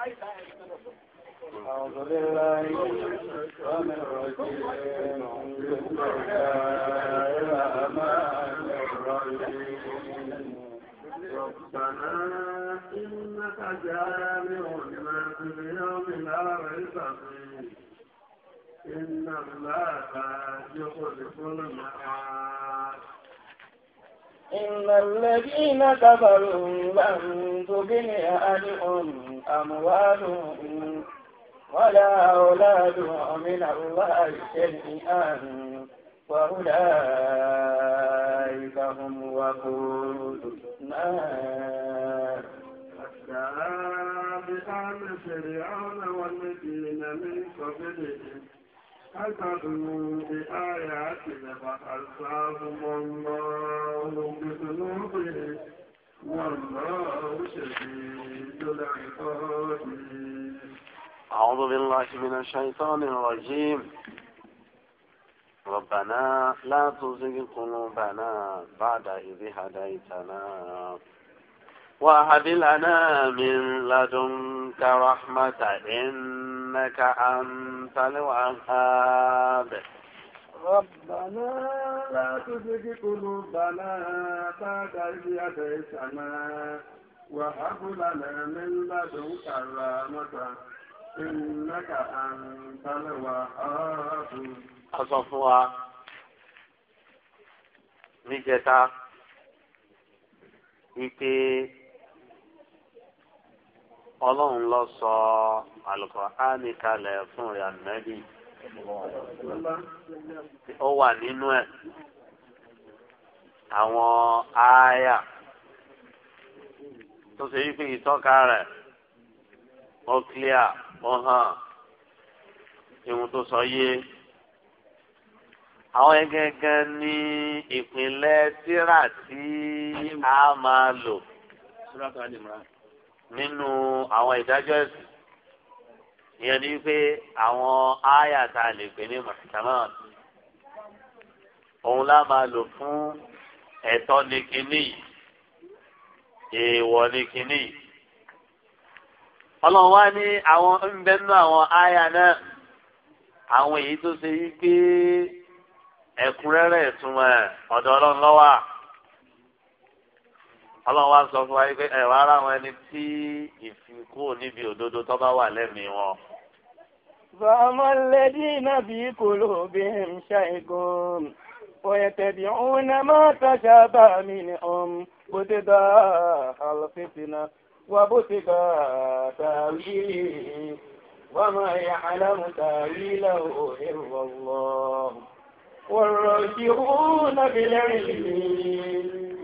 أعوذ بالله من الشيطان الرجيم بسم الله الرحمن الرحيم ربنا إنك جامع الناس ليوم لا ريب فيه إن الله يخلف المعاد إن الذين كفروا لن تغني عنهم أموالهم ولا أولادهم من الله شيئا وأولئك هم وقود النار كذاب آل فرعون والذين من قبلهم كذبوا بآياتنا فألقاهم الله بذنوبهم والله شديد العقاب أعوذ بالله من الشيطان الرجيم ربنا لا تزغ قلوبنا بعد إذ هديتنا وهب لنا من لدنك رحمة إنك أنت الوهاب ربنا لا تزغ قلوبنا بعد إذ هديتنا وهب لنا من لدنك رحمة إنك أنت الوهاب أصفوا نجتا إتي ọlọ́run lọ sọ Al-Qur'ani kalẹ̀ fún rẹ̀ ànábì ó wà nínú ẹ̀ àwọn ááyà tó ṣe yí pé ìtọ́ka rẹ̀ ó clear ó hàn ihun tó sọ yé àwọn gẹ́gẹ́ ní ìpínlẹ̀ tíra tí a máa lò nínú àwọn ìdájọ́ ẹ̀sìn ìyẹn ni pé àwọn áyà tá a lè pè ní mọ̀sítàmáàt òun lá máa lò fún ẹ̀tọ́ ní kínní èèwọ̀ ní kínní ọlọ́run wá ní àwọn ń àwọn áyà náà àwọn èyí tó ṣe yí pé ẹ̀kúnrẹ́rẹ́ ìtumọ̀ ọ̀dọ̀ ọlọ́run ló wà ọlọ́run wa sọ fún wa pé ẹ̀rọ ara wọn ẹni tí ìfikún níbi òdodo tó bá wà lẹ́mìí wọn. فأما الذين في قلوبهم شيء ويتبعون ما تشابه منهم ابتغاء الفتنة وابتغاء تأويله وما يعلم تأويله إلا الله والراجعون بالعلم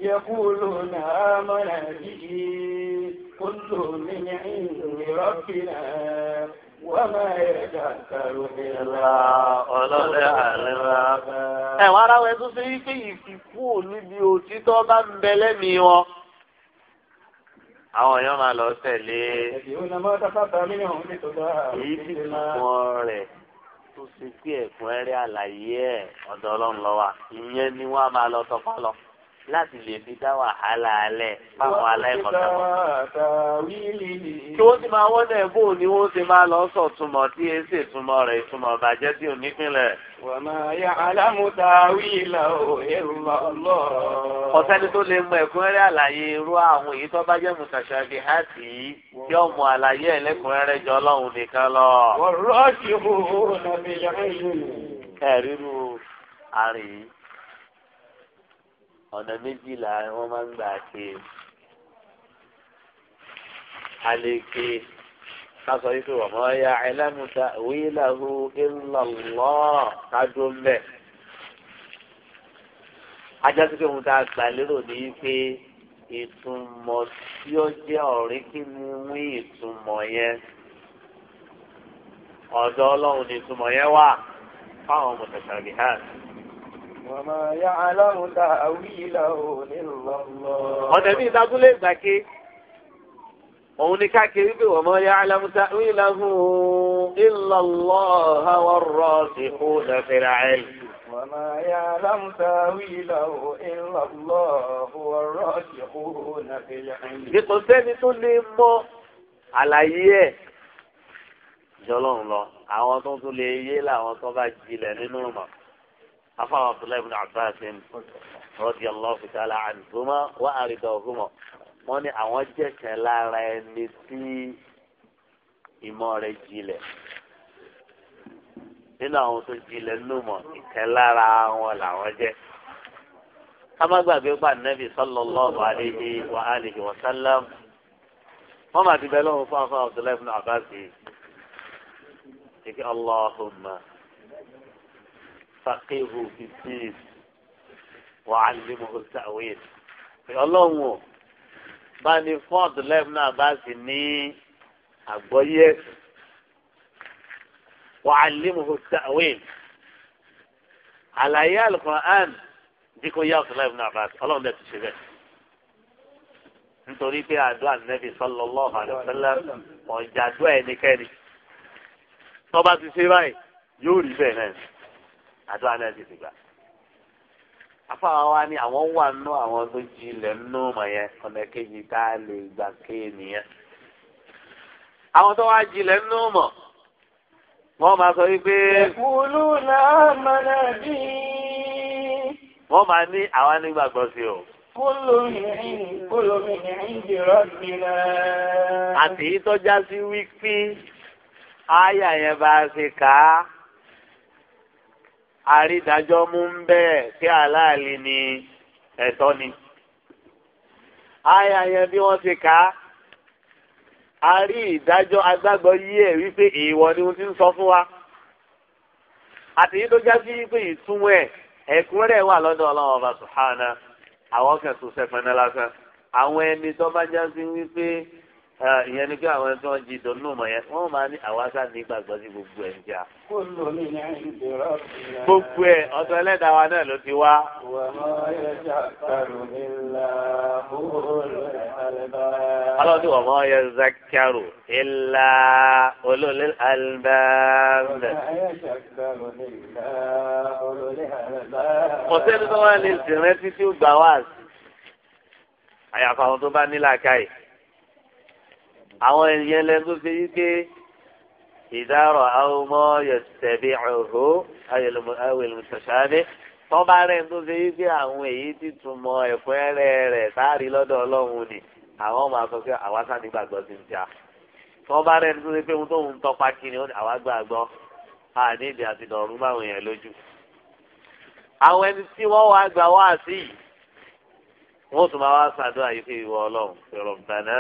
يقولون آمنا به كل من عند ربنا ẹ̀wọ̀n ara wọn tún ṣe wípé ìfìkú ò níbi òtítọ́ bá ń bẹ lẹ́mìí wọn. àwọn èèyàn máa lọ tẹ̀lé. èyí ti mọ rẹ̀ tó ṣe pé ẹ̀kúnrẹ́rẹ́ àlàyé ẹ̀ ọ̀dọ̀ ọlọ́run lọ́wọ́ ìyẹn ni wọ́n á máa lọ tọpá lọ. láti lè fi dá wàhálà alẹ fáwọn aláìkọ̀tà wọn. kí wọ́n ti máa wọ́n bò ni wọ́n ti máa lọ sọ túmọ̀ tí e ṣe túmọ̀ rẹ̀ túmọ̀ bàjẹ́ tí ò nípìnlẹ̀. ọ̀sẹ́ni tó lè mọ ẹ̀kúnrẹ́rẹ́ àlàyé irú àwọn èyí tó bá jẹ́ mutashabihati yìí tí ó mọ àlàyé ẹ̀lẹ́kùnrẹ́rẹ́ jọ ọlọ́run nìkan lọ. wọ́n rọ́ọ̀ṣì ọ̀nà méjìlá wọ́n máa ń gbà ké aleke kásọ yìí pé wọ́n mọ̀ ya ẹlẹ́mùtà wíìlàhù ìlọ̀lọ́ kájú mbẹ́. ajásí pé mo ta gbà lérò ní pé ìtumọ̀ tí ó jẹ́ ọ̀rí kí ni wí ìtumọ̀ yẹn ọ̀dọ̀ ọlọ́run ni ìtumọ̀ yẹn wà fáwọn mùtàkàrí hàn ọ̀nà bíi ìdágúnlé ìgbàke òun ni káàkiri pé wọ́n mọ̀ yá alámúta wíláhùn ìlọ́lọ́ha wọ́n rọ̀ sí kú lọ́fẹ̀rẹ̀ àìl. وما يعلم تاويله إلا الله والراسخون في العلم. Nítorí sẹ́ni tó lè mọ àlàyé ẹ̀ jọlọ́run lọ, àwọn tó tún lè yé làwọn tó bá jilẹ̀ nínú ọ̀nà afa abdullahi ibn abbas radiyallahu ta'ala anhuma wa aridahuma wọ́n ní àwọn jẹ̀kẹ́ lára ẹni tí ìmọ̀ rẹ̀ jilẹ̀ nínú àwọn tó jilẹ̀ lómọ̀ ìkẹ́ lára wọn làwọn jẹ́ amagbagbe pa nabi sallallahu alayhi wa alihi wa sallam wọn máa ti bẹ lọ́wọ́ fún afa abdullahi ibn abbas yìí kí allahumma faqihu fi din wa allimuhu ta'wil ọlọ́run o bá ní fọ́ọ̀dù lẹ́mú náà bá sì ní àgbọ́yé ẹ̀sìn wa allimuhu ta'wil àlàyé alukur'an bí kò yá ọ̀sán lẹ́mú náà bá sì ọlọ́run bẹ́ẹ̀ ti ṣe bẹ́ẹ̀ nítorí pé àdúrà nẹ́bí sallallahu alaihi wasallam ọ̀jà àdúrà ẹnikẹ́ni tọ́ba ti ṣe báyìí yóò rí bẹ́ẹ̀ náà àdúrà náà sì ti gbà afáwa wa ni àwọn wà nù àwọn tó jí ilẹ̀ nù mọ̀ yẹn ọ̀nà kejì tá a lè gbà ké nìyẹn àwọn tó wá jí ilẹ̀ nù mọ̀ wọ́n máa sọ wípé. ìkúlù náà mọ̀nà bí. wọ́n máa ní àwa nígbàgbọ́ sí o. kúlù mìíràn kúlù mìíràn jìrọ̀ mìíràn. àti ìtọ́já sí wípé àyà yẹn bá ṣe kà àrídájọ́ mú ń bẹ́ẹ̀ tí aláàlì ni ẹ̀tọ́ ni. àyà yẹn bí wọ́n ti kà á a rí ìdájọ́ agbágbọ́ yí ẹ̀ wípé ìwọ ni wọ́n ti ń sọ fún wa. àti yìí tó já sí wípé ìtumọ̀ ẹ̀ ẹ̀kúnrẹ́ wà lọ́dọ̀ ọlọ́run ọba sùhánà àwọn kẹsùn sẹ́fẹ̀ẹ́ náà lásán àwọn ẹni tó bá já sí wípé. ìyẹn ni pé àwọn ẹni tí wọ́n jí dọ̀nù mọ̀ yẹn wọ́n máa ní àwáṣà ní gbàgbọ́ sí gbogbo ẹ̀ ń jà. gbogbo ẹ̀ ọ̀tọ̀ ẹlẹ́dàá wa náà ló ti wá. alọ́dún wọ̀ mọ́ yẹ zakaru ilà olólè albàbẹ̀. kò sẹ́ni tó wà ní ìsìn rẹ títí gbà wá àyàfà àwọn tó bá nílà káyìí àwọn ènìyàn lẹ tó fi wípé ìdárọ̀ àwòmọ́ yẹ̀tẹ̀bí ọ̀hó ayélujáfẹ́ tọ́ba rẹ̀ tó fi wípé àwọn èyí ti túmọ̀ ẹ̀fúnrẹ́rẹ́ rẹ̀ sáàrí lọ́dọ̀ ọlọ́run ni àwọn máa sọ pé àwa sáni gbàgbọ́ sí ti a tọ́ba rẹ̀ tó fi pé ohun tó ń tọpa kiri àwa gbàgbọ́ àní ìdí àti dọ̀rùn máa wọ̀nyẹn lójú. àwọn ẹni tí wọ́n wá gbà wá sí yìí wọ́n tún máa wá ṣàdúrà yìí fún ìwọ ọlọ́run ìrọ̀bàná.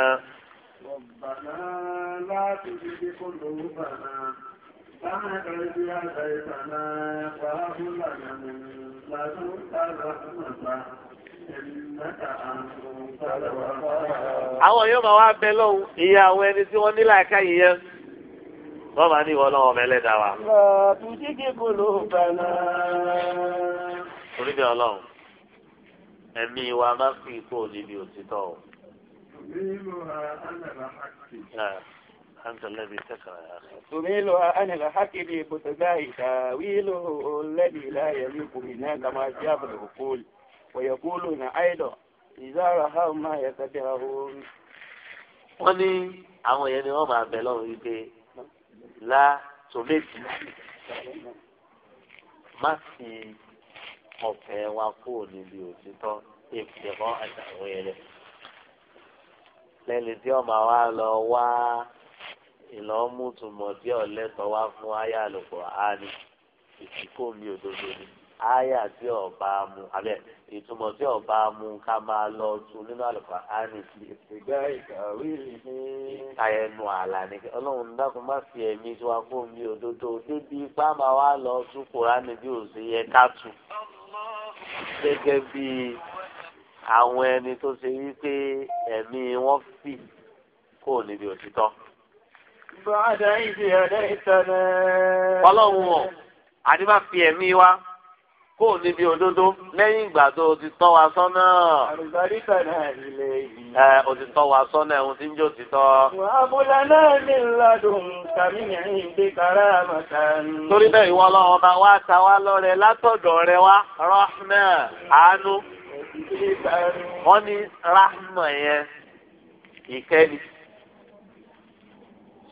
ربنا àwọn yóò máa wá bẹ lọ́hùn ìyá àwọn ẹni tí wọ́n ní láàká yìí yẹn wọ́n máa ní ìwọ náà ọmọ ẹlẹ́dàá wa. àtúnjígé ọlọ́run ẹ̀mí wa máa fi kó níbi òtítọ́ o. تميلها أنا لحق نعم أنت الذي تكره يا أخي تميلها أنا لحق بمتزاهي تاويله الذي لا يليق بنا كما جاب العقول ويقولون أيضا إذا رأوا ما يتبعون wọ́n ní àwọn ni la fi wa lẹ́ni tí ọmọ wa lọ wá ìlọ́mùtùmọ̀ tí ọ̀lẹ́tọ̀ wá fún aya àlùkò aani ìsìnkú mi òdodo ni aya tí ọba mu abẹ ìtumọ̀ tí ọba mu ká máa lọ tún nínú àlùkò aani ìgbà ìkàwé ịga àyẹnu àlà ni ọlọ́run dákun má fi ẹ̀mí tí wàá fún mi òdodo débi ipá máa wá lọ tún kúránì àwọn ẹni tó ṣe wípé ẹ̀mí wọn fì kó níbi òtítọ́. bàdà ìdí ẹ̀dá ìtàlẹ̀. ọlọ́run ọ̀ àdìbá fi ẹ̀mí wa kó níbi òdodo lẹ́yìn ìgbà tó o ti tọ́ wa sọ́nà. àlùbáríkà náà ilé yìí. ẹ o ti tọ́ wa sọ́nà ẹ̀hún tí ń jó ti tọ́. àbúlá náà ní ladùn tàbí yẹn ìgbé kára màtà torí bẹ́ẹ̀ ìwọ ọlọ́run ọba wa ta wá lọ́rẹ látọ̀dọ̀ rẹ wá rọ́ọ̀nà àánú wọ́n ní rahma yẹn ìkẹ́ ni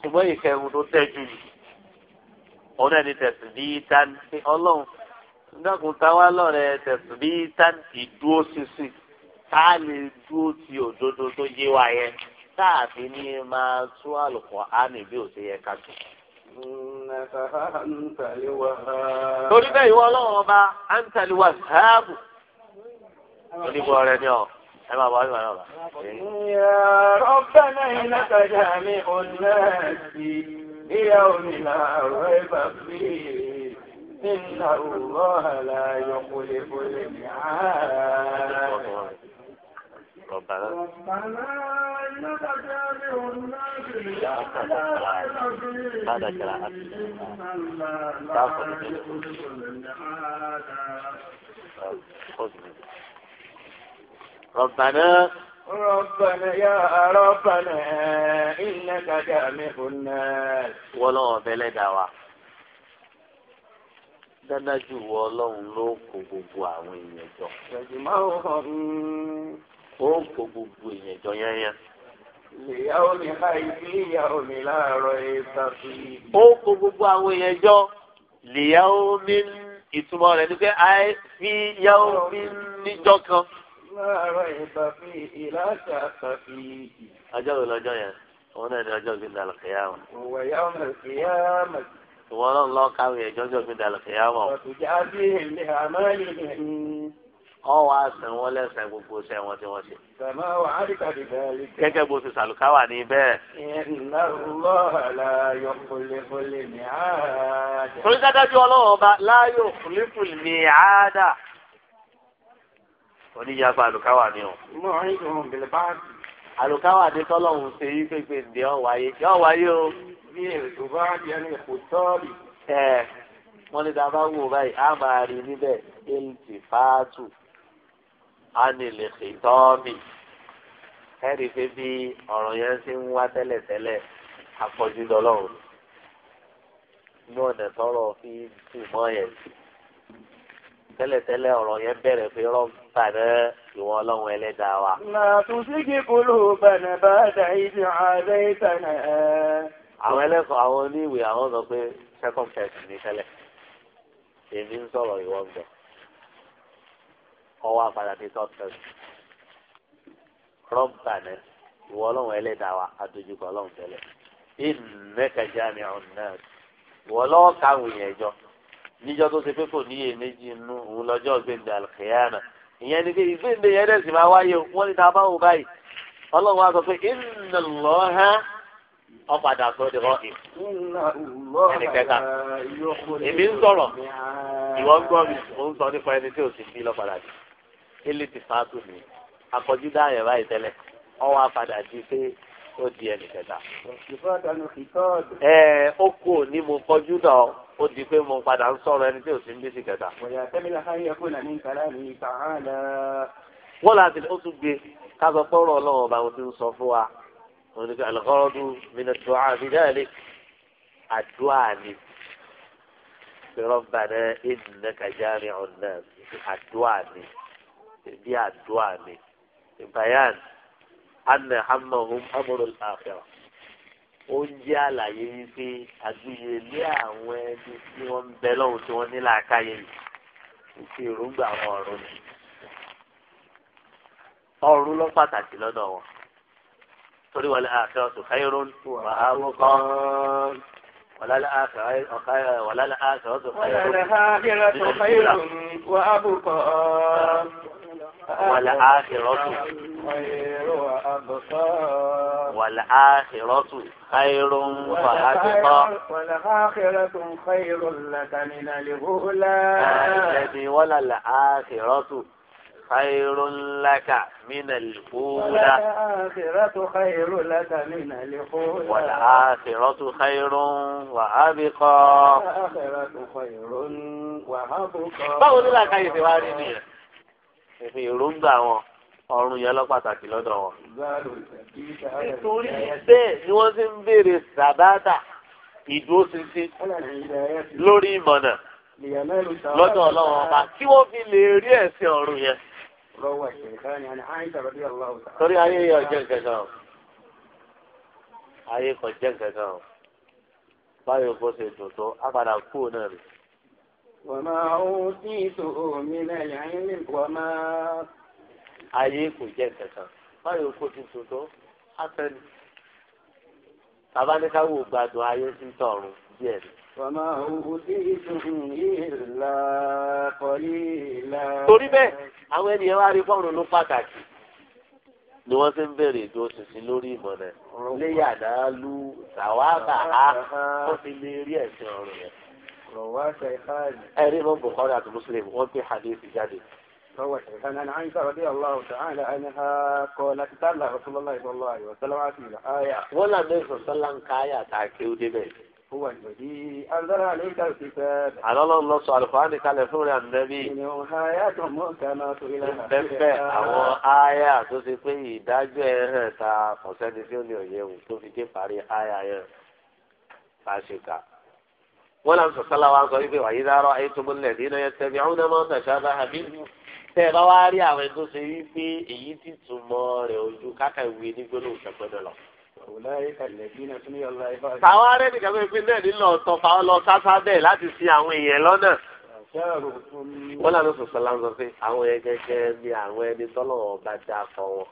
ṣùgbọ́n ìkẹ́ mu tó tẹ́jú ni òun náà ní tẹ̀sí bí tán ní ọlọ́run nígbàkùn táwa lọ́rẹ̀ tẹ̀sí bí tán ìdúró sísìn tá a lè dúró ti òdodo tó yé wa yẹn tá a fi ní máa tú àlùkò àmì bí ó ṣe ká tó. torí bẹ́ẹ̀ ìwọ ọlọ́run ọba àǹtàlíwà sáàbù oníbọ̀ rẹ ni ọ ẹ máa bọ̀ ọ́ ìwọ̀n náà. ربنا إنك جامع الناس ليوم لا ريب فيه إن الله لا يخلف الميعاد ربنا إنك جامع الناس ليوم لا ريب فيه هذا قراءة تعقل خذ منه ربنا ربنا يا ربنا إنك جامع الناس ولو بلد dájú wọ ọlọ́run ló kó gbogbo àwọn èèyàn jọ. ó ń kó gbogbo èèyàn jọ yányá. ìyàwó mi láì sí ìyàwó mi láàárọ̀ ẹ̀ta sí ó ń kó gbogbo àwọn èèyàn jọ. ìyàwó mi ìtumọ̀ rẹ̀ ni pé àìsí ìyàwó mi níjọ́ kan. لا ريب فيه لا شك فيه أجل الأجل يعني هنا الأجل قلنا القيامة هو يوم القيامة ولا الله قوي يجوز من القيامة وتجازيهم لأعمالهم ọ wá sàn wọn lẹsàn gbogbo sẹ wọn tí wọn ṣe. sàmà wà á rí kàdé bẹ́ẹ̀. gẹ́gẹ́ bó ti sàlùkà wà ní bẹ́ẹ̀. iná lọ láyò fúlẹ̀fúlẹ̀ ní àádá. torí dájú ní àádá oníyàgbà àlùkáwà ni o. inú ọ̀rẹ́ ìdùnnú bẹ̀rẹ̀ bá àlùkáwà dé tọ́lọ́hún ṣe yí pépè ǹdí ọ̀ wáyé yọ wáyé o. bí èrò bá di ẹni kò tọ́ọ̀lì. ẹ wọn ní dáa bá wò báyìí a máa rí níbẹ̀ èyí fàátù anìlèkè tọ́ọ̀mì ẹ rí i pé bí ọ̀rọ̀ yẹn ṣe ń wá tẹ́lẹ̀tẹ́lẹ̀ àpọ̀jù lọ́lọ́run ní ọ̀nà tọ́rọ̀ fi tù mọ́ yẹn sí tẹ́lẹ̀tẹ́lẹ̀ ọ̀rọ̀ yẹn bẹ̀rẹ̀ fi rọ́ǹtà rẹ ìwọ ọlọ́run ẹlẹ́dàá wa. màtún sígi polú bànà bá dà ìdí ààrẹ ìtànà ẹ̀. àwọn ẹlẹ́kọ̀ọ́ àwọn oníwèé àwọn sọ pé second test ní tẹ́lẹ̀ èmi ń sọ̀rọ̀ ìwọ ń bẹ̀ ọwọ́ àpàdà ti third test rọ́ǹtà rẹ ìwọ ọlọ́run ẹlẹ́dàá wa adójúkọ ọlọ́run tẹ́lẹ̀ ìnẹ́kẹ̀já ni ọ̀nà ìwọ ọlọ́ọ̀ níjọ́ tó ṣe pé kò níyè méjì nù òun lọ́jọ́ gbèndé àlùkìyàmà ìyẹn ni pé ìgbèndé yẹn dẹ̀ sì máa wáyé wọ́n ní ta bá wò báyìí ọlọ́run wa sọ pé inna Allaha ọ̀padà sọ di rọ́ọ̀ì ẹnì kẹta èmi ń sọ̀rọ̀ ìwọ ń gbọ́ mi mo ń sọ nípa ẹni tí ò sì fi lọ́padà jù ilé ti fàá tù mí akọjú dáhùn ẹ̀ báyìí ọwọ́ apadà di pé ó di ẹnì kẹta. ẹ ó kú ní mo kọjú náà ó di pé mo padà ń sọ̀rọ̀ ẹni tí ò sí ń bí sí kẹta. wọ́n láti ó tún gbé ká sọ pé ọ̀rọ̀ ọlọ́run ọba òun ti ń sọ fún wa òun ni alùpàrọ̀dù mìnàtò àbídáàlì àdúrà ni rọ́bàdà ìdùnnà kàjáàrin ọ̀nà àdúrà ni bí àdúrà ni ìbáyà ni anna hamahum amúrò àfẹ́rà oúnjẹ àlàyé yìí pé àgbéyẹlé àwọn ẹni tí wọ́n ń bẹ lọ́wọ́ tí wọ́n ní làákàyè yìí ìṣe èròǹgbà àwọn ọ̀run ni ọ̀run lọ pàtàkì lọ́dọ̀ wọn torí wal akhiratu khayrun wà á wọ́kọ́ wàlálà àfẹ́rà tó khayrun wà á bùkọ́. والآخرة والآخرة خير فأبقى والآخرة خير لك من الأولى ولا الآخرة خير لك من الأولى والآخرة خير لك من الأولى والآخرة خير وأبقى والآخرة خير وأبقى ìfi èròǹgbà wọn ọrùn yẹn lọ pàtàkì lọ́dọ̀ wọn. nítorí bẹ́ẹ̀ ni wọ́n ti ń béèrè sàbáàtà ìdúróṣinṣin lórí ìmọ̀nà lọ́dọ̀ ọlọ́wọ́n ọba kí wọ́n fi lè rí ẹ̀sìn ọ̀run yẹn. torí ayé yẹ ọjọ́ nǹkankan o ayé kò jẹ́ nǹkankan o báyọ̀ bó ṣe dùn tó á padà kú náà rè é. وما أوتيته من العلم وما عليك جسدا ما يوكوتي سوتو حسن tàbá ní ká wò gbádùn ayé sí tọ̀run díẹ̀ ni. Wàmà òwúdí ìṣòhun ìlà kọ̀lí ìlà. Torí bẹ́ẹ̀, àwọn ènìyàn wá rí fọ́ọ̀rùn ló pàtàkì ni wọ́n ti ń bèrè ìjọ òṣìṣẹ́ lórí ìmọ̀ rẹ̀. Léyà lu sàwábà á, wọ́n fi lè rí ẹ̀sìn ọ̀rùn rẹ̀ ẹ̀rí mọ́ Bukhari àti Muslim wọ́n gbé hadith jáde. فهو شيخان عن عائشة رضي الله تعالى عنها قالت تلا رسول الله صلى الله عليه وسلم عتيلة آية ولا النبي صلى الله عليه وسلم كاية تعكيو دي هو الذي أنزل عليك الكتاب على الله سبحانه وتعالى قال رسول النبي منهم آيات محكمات إلى بẹ́ẹ̀ àwọn áyà tó ti pé ìdájọ́ ẹ̀ hàn ta kọ̀sẹ́ni tí wọn làwọn sọsọlá wa sọ wípé wàyí dárọ ayé tó múlẹ dínà yẹn tẹbi àwọn ọmọ ọtọ ṣáàbà àbíyú tẹ ẹ bá wá rí àwọn ẹgbẹ́ sọ wípé èyí ti túmọ̀ rẹ̀ ojú káka ìwé ní gbólóhùn ṣàgbọ́dọ̀ lọ. tàwọn arẹ nìkan tó fi náà nílò ọ̀tọ̀ fáwọn lọ sáfá bẹ́ẹ̀ láti sin àwọn èèyàn lọ́nà. wọn làwọn sọsọlá sọ pé àwọn yẹn gẹ́gẹ́ bí àwọn ẹni tọ́lọ̀ ọba dá fọ wọn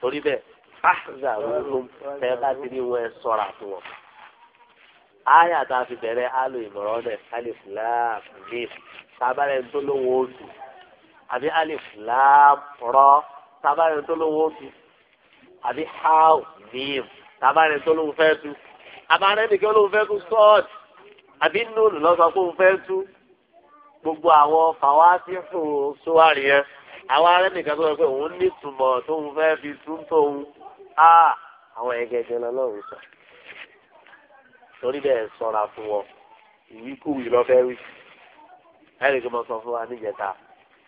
torí bẹ́ẹ̀ aya tá a fi bẹ̀rẹ̀ alo ìmọ̀ràn alif lam mim tabalẹ̀ tó lówó Abi alif lam rọ tabalẹ̀ tó lówó Abi àbí haw mim tabalẹ̀ tó lówó fẹ́ tu abalẹ̀ nìkan lówó fẹ́ tu sọ́ọ̀d àbí nùnù lọ́sọ̀ kó fẹ́ tu gbogbo àwọn fàwáàtì fún sówárì yẹn àwọn arẹ nìkan tó yẹ pé òun ní ìtumọ̀ tóun fẹ́ fi tún tóun á àwọn ẹ̀gẹ̀gẹ̀ lọ́lọ́run sọ torí bẹ́ẹ̀ sọ̀ra fún wọn ìwíkúwì lọ́fẹ́ wí ẹ̀rí kí mo sọ fún wa níjẹta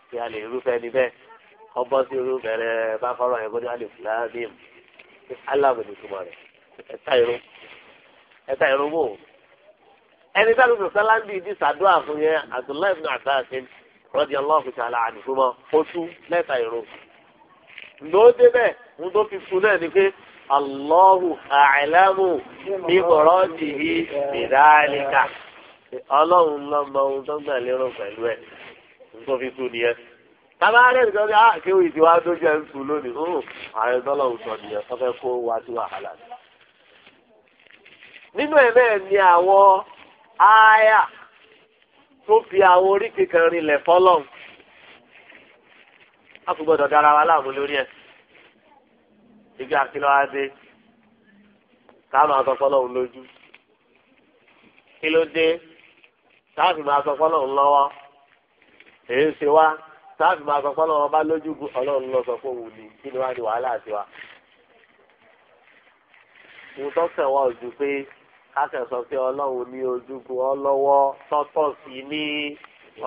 kí a lè irúfẹ́ ni bẹ́ẹ̀ ọgbọ́n sí irú bẹ̀rẹ̀ bá fọ́rọ̀ yẹn kó ní alẹ́ fúlá bíìm aláàbò ní ìtumọ̀ rẹ̀ ẹ̀ta irú ẹ̀ta irú wò ẹni tá a lè sọ sáláńdì ní sàdúrà fún yẹn Abdullahi ibn Abbas radiyallahu ta'ala anhuma ó tú lẹ́ta irú lóde Allahu àìlẹ́mù bíbọ̀rọ̀ ti yí ìdáríkà. Ọlọ́run lọ mọ ohun tó gbà lérò pẹ̀lú ẹ̀ tó fi kú ń sùn lónìí. nìyẹn tó fẹ́ kó wá ni àwọn tó fi àwọn kan rinlẹ̀ fọ́lọ́run. A kò igi akílọ̀ adé káàmù asọ́fọ́lọ́ òun lójú kí ló dé táàfì máa sọ fọ́lọ́ òun lọ́wọ́ èyí ṣe wá táàfì máa sọ fọ́lọ́ òun bá lójú ọlọ́run lọ sọ fún òun ni kí ni wá ní wàhálà àti mo tọ́kẹ̀ wá ojú pé káṣẹ̀ sọ pé ọlọ́run ní ojúgun ọlọ́wọ́ tọ́tọ̀ sí ní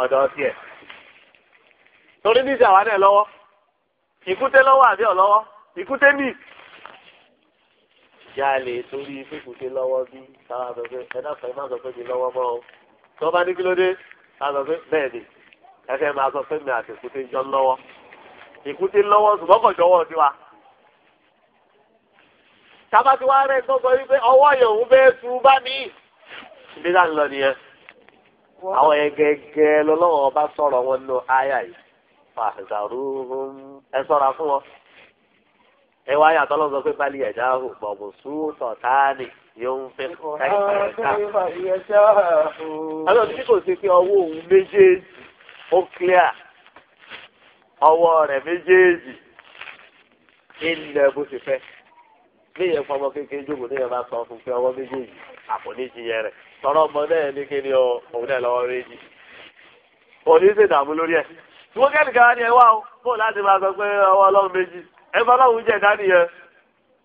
ọ̀dọ̀ tiẹ̀. torí níṣẹ́ àwa lọ́wọ́ ìkúté lọ́wọ́ àbí ọ̀lọ́wọ́ ìkúté nì. ìyá lè torí fífúté lọ́wọ́ bí táwa sọ pé ẹ náà fẹ́ má sọ pé mi lọ́wọ́ mọ́ o tí wọ́n bá ní kí ló dé ká sọ pé bẹ́ẹ̀ ni ẹ fẹ́ máa sọ pé mi àti ìkúté jọ lọ́wọ́ ìkúté lọ́wọ́ ṣùgbọ́n kò jọwọ́ tiwa tába ti wá rẹ̀ gbọ́gbọ́ wípé ọwọ́ yòówù bẹ́ẹ̀ tu bá mi. ìdí náà ń lọ nìyẹn. àwọn yẹn gẹ́gẹ́ lọ́lọ́wọ́ bá sọ̀rọ̀ wọn nù áyà yìí ẹ wá yàtọ̀ lọ́sọ pé bali ẹ̀dá hù bọ̀bù sùúrù tààdì yóò ń fẹ́ káyọ̀ká. àlọ́ tí kò sí pé ọwọ́ òun méjèèjì ó clear ọwọ́ rẹ̀ méjèèjì ilẹ̀ bó ti fẹ́ léyìn fún ọmọ kékeré jókòó ní ìyẹn bá sọ fún pé ọwọ́ méjèèjì àpòníjì yẹn rẹ̀ tọrọ ọmọ náà ní kí ni òun náà lọ́wọ́ méjì òní ṣèdààmú lórí ẹ̀ tí wọ́n kẹ́nìkan wá ẹ bá báwo jẹ dání yẹn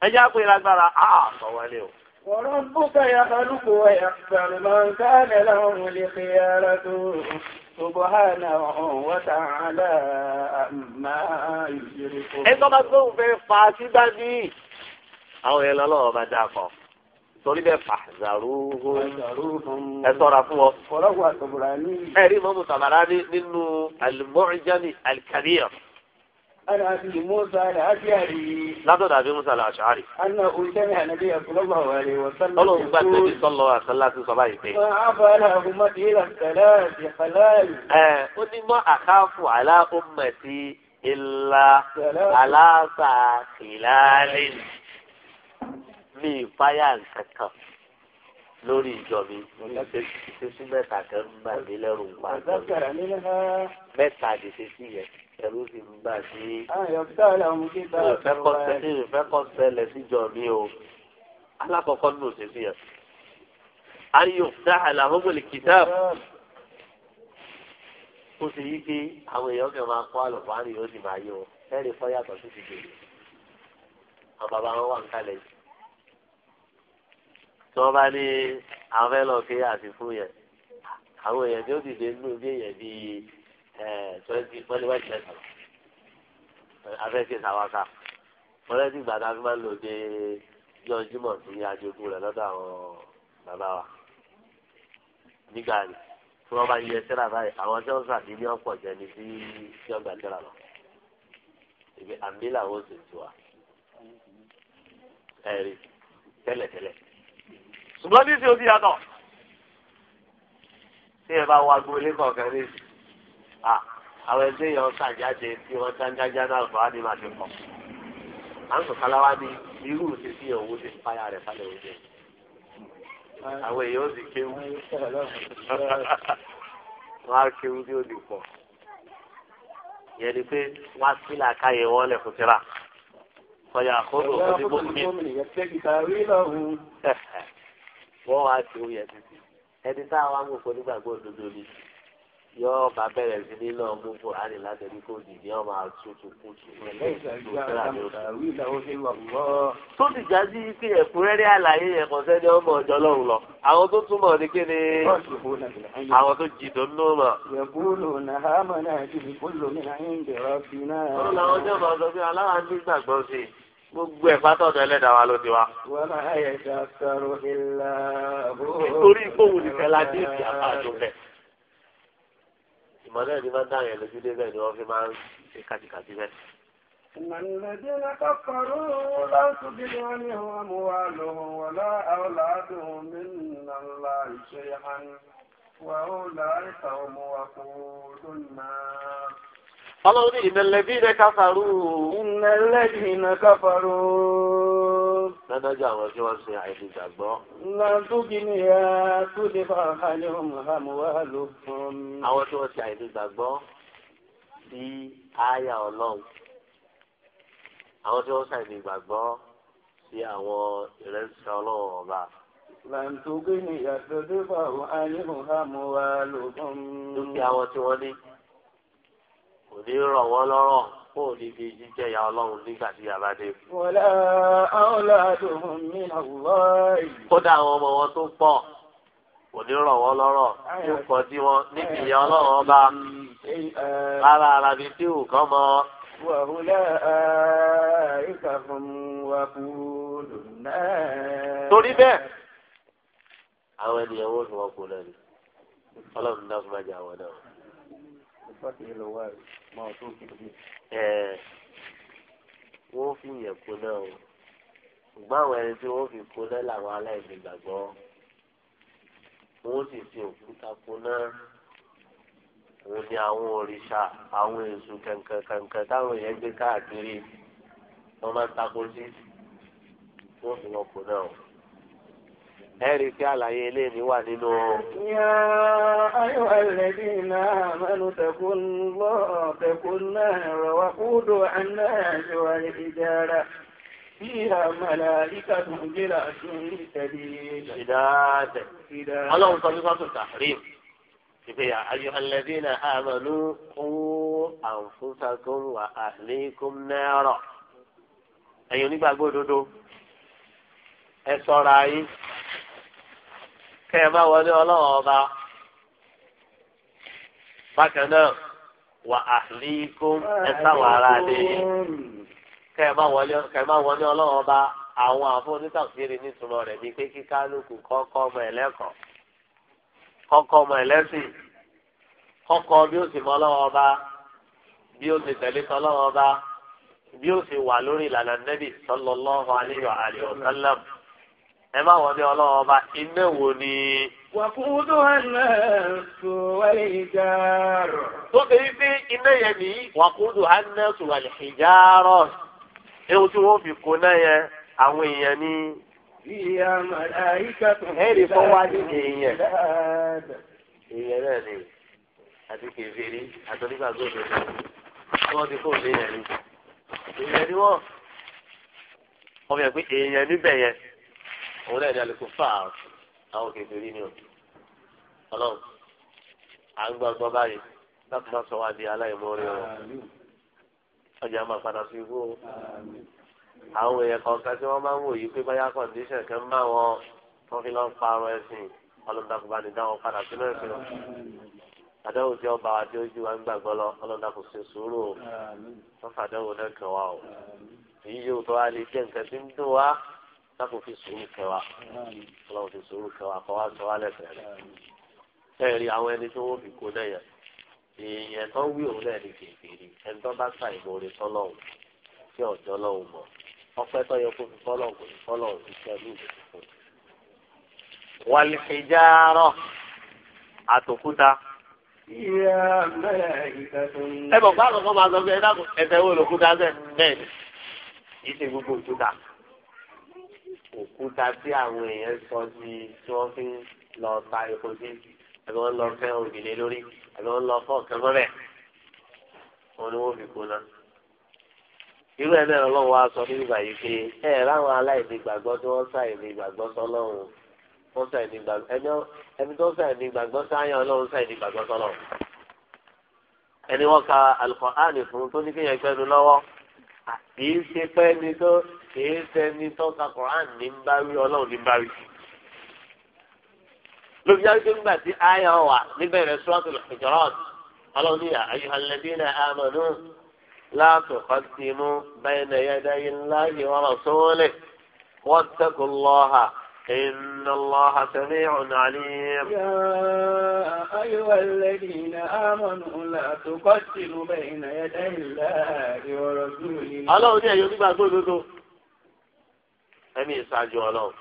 ẹ jẹ́ àpò ìlágbára àà sọ wọlé o. wọ́n ń bùkà ya kálukú ẹ̀yà pẹ̀lú máa ń ká ní láwọn lè fi ara tó subhana wa ta'ala amma yushrikun. ẹ tọ́ tó fẹ́ fà á sígbà ní àwọn yẹn lọ́wọ́ bá dáa kan torí bẹ́ẹ̀ fà zaruhun ẹ sọ̀rọ̀ fún ọ. ẹ rí mọ́mú tàbára nínú al-Mu'jam al أنا أبي موسى الأشعري لقد أبي موسى الأشعري أنه سمع النبي صلى الله عليه وسلم قالوا بعد النبي صلى الله عليه وسلم صباحي فعفى أمتي إلى الثلاث خلال آه قل ما أخاف على أمتي إلا ثلاث خلال mi fáyà kankan lórí ìjọ mi ṣe sí mẹ́ta kan ń bà mí lẹ́rù ń pa mẹ́ta lè ṣe sí yẹn ẹ̀rú sì ń gbà sí. ìfẹ́ kọ́ ṣẹlẹ̀ síjọ mi o alákọ̀ọ́kọ́ nù sí sí yẹn. ayò dáhà làwọn mọ̀lì kìtàb. ó ti yí pé àwọn èèyàn kẹ́ máa kọ́ àlùfáàní yóò sì máa yọ ẹ̀rí fọ́ yàtọ̀ sí ti gbèrè. àwọn bàbá wọn wà ń kalẹ̀ yìí. tí wọ́n bá ní àwọn fẹ́ lọ kí àti fún yẹn àwọn èèyàn tí ó dìde nínú bí èèyàn bíi twenty twenty one percent afẹ́kẹ́ sàwákà mọ́lẹ́ gbàdá fi máa lò dé yọ jimọ̀ sí àjogún rẹ̀ lọ́dọ̀ àwọn bàbá wa nígbà rẹ̀ tí wọ́n bá yẹ sẹ́ra báyìí àwọn tí wọ́n sàbí ní ọ̀pọ̀ jẹ́ ní sí tí wọ́n gbà lọ. ìgbé àmì làwọn oṣù tí wà ẹ̀rí tẹ́lẹ̀tẹ́lẹ̀. ṣùgbọ́n ní ti o yàtọ̀ tí ẹ bá wá agboolé kọ̀ọ̀kan ní ìsìn àwọn ẹgbẹ́ yẹn ṣàjáde tí wọ́n dáńdájá náà fọ́ á ní máa ti pọ̀. à ń sọ̀ kálá ní irú ti fi òwú ti fáyà rẹ̀ falẹ̀ òde. àwọn èèyàn ó sì kéwú. wọ́n á kéwú bí ó di pọ̀. yẹn ni pé wọ́n á sílẹ̀ àkáyé wọn lẹ̀ fún ọ̀yà àkóso òfin mi. wọ́n wá ti ó yẹ títí. ẹni tá a wá ń gbòkó nígbàgbọ́ òdodo ni yóò bá bẹ̀rẹ̀ sí ní lọ mú buhari látẹ̀lí kó dìde ọmọ àtúntò kùtù tó ti já sí pé ẹ̀kúnrẹ́rẹ́ àlàyé yẹn kò sẹ́ni ọmọ ọjọ́ lọ́hùn lọ àwọn tó túmọ̀ ní kí àwọn tó jìdó nínú mọ̀. yẹ̀kúrò náà mọ̀ náà ti fi kúlò ní àyíǹdẹ̀rọ̀ sí náà. ó làwọn jẹ́ ọmọ ọ̀dọ́ bí aláwa ní ìgbàgbọ́ sí i gbogbo ẹ̀fà tọ̀dọ̀ ẹlẹ́dàá wa ló ti wá. nítorí ìkóhùn nìkan la dé ìsì àbájọ bẹ́ẹ̀ ìmọ̀lẹ́ ni máa ń dáhùn yẹn lójú dé bẹ́ẹ̀ ni wọ́n fi máa ń ṣe kàtìkàtì bẹ́ẹ̀. الذين كفروا لا تغني عنهم أموالهم ولا أولادهم من الله شيئا وأولئك هم وقود النار Ọlọ́run ní ìnẹ̀lẹ́bí rẹ̀ káfàrú. Ìnẹ̀lẹ́bí rẹ̀ káfàrú. Dádájú àwọn tí wọ́n ṣe àìsí ìgbàgbọ́. Láńtúkì ni a tó lè fa àkàlẹ̀ ọmọ àmúwá ló fún. Àwọn tí wọ́n ṣe àìsí ìgbàgbọ́ sí àyà Ọlọ́run. Àwọn tí wọ́n ṣe àìsí ìgbàgbọ́ sí àwọn ìrẹsì Ọlọ́run ọba. Láńtúkì ni a tó lè fa àkàlẹ̀ ọmọ àmúwá ló fún. Dúkìá wọn tí wọ́n ní kò ní rọ̀ wọ́n lọ́rọ̀ kó o lè fi jíjẹ́ ìyá ọlọ́run nígbà tí a bá dé. wọlé awladuhum min Allah. kódà àwọn ọmọ wọn tó pọ̀ kò ní rọ̀ wọ́n lọ́rọ̀ kó kọ́ sí wọn níbi ìyá ọlọ́run ọba lára arabi tí ò kọ́ mọ́. wàhùlẹ̀ ìkàkùn wàkúlù náà. torí bẹ́ẹ̀ àwọn ènìyàn wo ni wọ́n kú lẹ́nu ọlọ́run náà fún májà wọn náà máa tó kìkì ẹ̀ wọ́n fi yẹn kó náà o ṣùgbọ́n àwọn ẹni tí wọ́n fi kó náà làwọn aláìní gbàgbọ́ wọ́n sì fi òkúta kó náà òun ni àwọn òrìṣà àwọn èṣù kẹ̀kẹ́ kẹ̀kẹ́ táwọn èèyàn gbé káàkiri wọ́n máa ń takò sí wọ́n fi wọn kó náà o ẹ̀rí sí àlàyé eléyìí wà nínú. Yá ayọ̀ ẹlẹ́bí náà mẹ́nu tẹ̀kún lọ tẹ̀kún náà rọ̀ wá kúdò àná ẹ̀jọ̀ ìjára. Fíhà màlà ìka tó ń gbéra sí ìtẹ̀lé. Ṣìdáàdẹ̀. Ọlọ́run sọ nípa tó tàhírìm. Ìgbéyà ayọ̀ ẹlẹ́bí àmàlú kú àǹfùsàkùn wà àlékún náírà. Ẹ̀yin onígbàgbọ́ òdodo. Ẹ ṣọ́ra yín kẹ́ ẹ má wọlé ọlọ́run ọba bákan náà wà àhìlíkún ẹ sáwọn ará lé yẹn kẹ́ ẹ má wọlé kẹ́ ọba àwọn àfọwọ́nítàkùnrin nítumọ̀ rẹ̀ ni pé kíká lóko kọ́kọ́ ọmọ ẹlẹ́kọ̀ọ́ kọ́kọ́ ọmọ ẹlẹ́sìn kọ́kọ́ bí ó sì mọ ọlọ́run ọba bí ó sì tẹ̀lé tọ́lọ́run ọba bí ó sì wà lórí ìlànà nẹ́bì sallallahu alaihi wa alihi wa sallam ẹ má wọ ní ọlọ́run ọba iná wo ni. wàkúndùn àná sùwàlì ìjárọ. tó ṣe yí pé iná yẹn nìyí wàkúndùn àná sùwàlì ìjárọ. ewu tí wọ́n fi kó náà yẹn àwọn èèyàn ní. ìyá màláyíkà tó ń bá ẹ̀rí fún wa ní èèyàn. èèyàn náà ni àti kèfèrí àtọ́nígbàgbọ́ mi ni wọ́n ti kó òde ni. èèyàn ni wọ́n. wọ́n fi hàn pé èèyàn níbẹ̀ yẹn òun náà ní alẹ́kùn fáàrù àwọn kẹfìrí ni o ọlọ́run à ń gbàgbọ́ báyìí láti má sọ wá di aláìmọ́rí o ọjà máa padà sí ibú o àwọn èèyàn kọ̀ọ̀kan tí wọ́n máa ń wò yí pé báyà kọ̀ǹdíṣẹ̀ kan bá wọn tó fi lọ́n parọ́ ẹ̀sìn ọlọ́dàkùn bá ní dáwọn padà sínú ẹ̀sìn o àdáwò tí ọba wa tí ó jí wa ń gbàgbọ́ lọ ọlọ́dàkùn ṣe sùúrù o wọ́n fàdáwò náà kàn wá o èyí yóò tó wá lè jẹ́ nǹkan tí ń dùn wá sáfò fi sùúrù kẹwàá ọlọ́run fi sùúrù kẹwàá kọ́ wá sọ wá lẹ́sẹ̀ rẹ̀ ẹ̀rí àwọn ẹni tó wọ́n fi kó lẹ́yìn èèyàn tó wí òun náà ní kékeré ẹni tó bá sa ìmoore tọ́lọ́hùn tí ọ̀jọ́ lọ́hùn mọ̀ ọpẹ́ tó yẹ kó fi fọ́lọ́hùn kò ní fọ́lọ́hùn iṣẹ́ ní ìlú fún un. wàlìfẹ̀jáàrọ̀ àtòkúta. ẹ bọ̀ bá àgbọ̀n máa sọ fún ẹ dákun ẹ̀fẹ̀ wo òkúta tí àwọn èèyàn sọ di tí wọ́n fi ń lọ ta epo sí àbí wọ́n lọ fẹ́ òrùlé lórí àbí wọ́n lọ fọ́ ọ̀kẹ́ mọ́bẹ̀ wọn ni wọ́n fi kóná. irú ẹ̀ náà ọlọ́run wa sọ nígbà yìí pé ẹ láwọn aláìní gbàgbọ́ tí wọ́n ṣàìní gbàgbọ́ sọlọ́run wọ́n ṣàìní gbàgbọ́ ẹni tó ṣàìní gbàgbọ́ sáyẹn ọlọ́run ṣàìní gbàgbọ́ sọlọ́run. ẹni wọ́n ka Al-Qur'ani fún tó ní kéèyàn gbẹ́nu kìí sẹ́ni tọ́ka Quran ní ń bá wí ọlọ́run ní ń bá wí. lóbi jáde ńgbà tí àyà wà níbẹ̀rẹ̀ Suratul Hujurat ọlọ́run ní ayyuhal ladina amanu la tuqaddimu bayna yadayi Allahi wa rasulihi wattaqullaha. إن الله سميع عليم يا أيها الذين آمنوا لا تقتلوا بين يدي الله ورسوله الله يا يوم بعد ẹni ìṣáájú ọlọ́run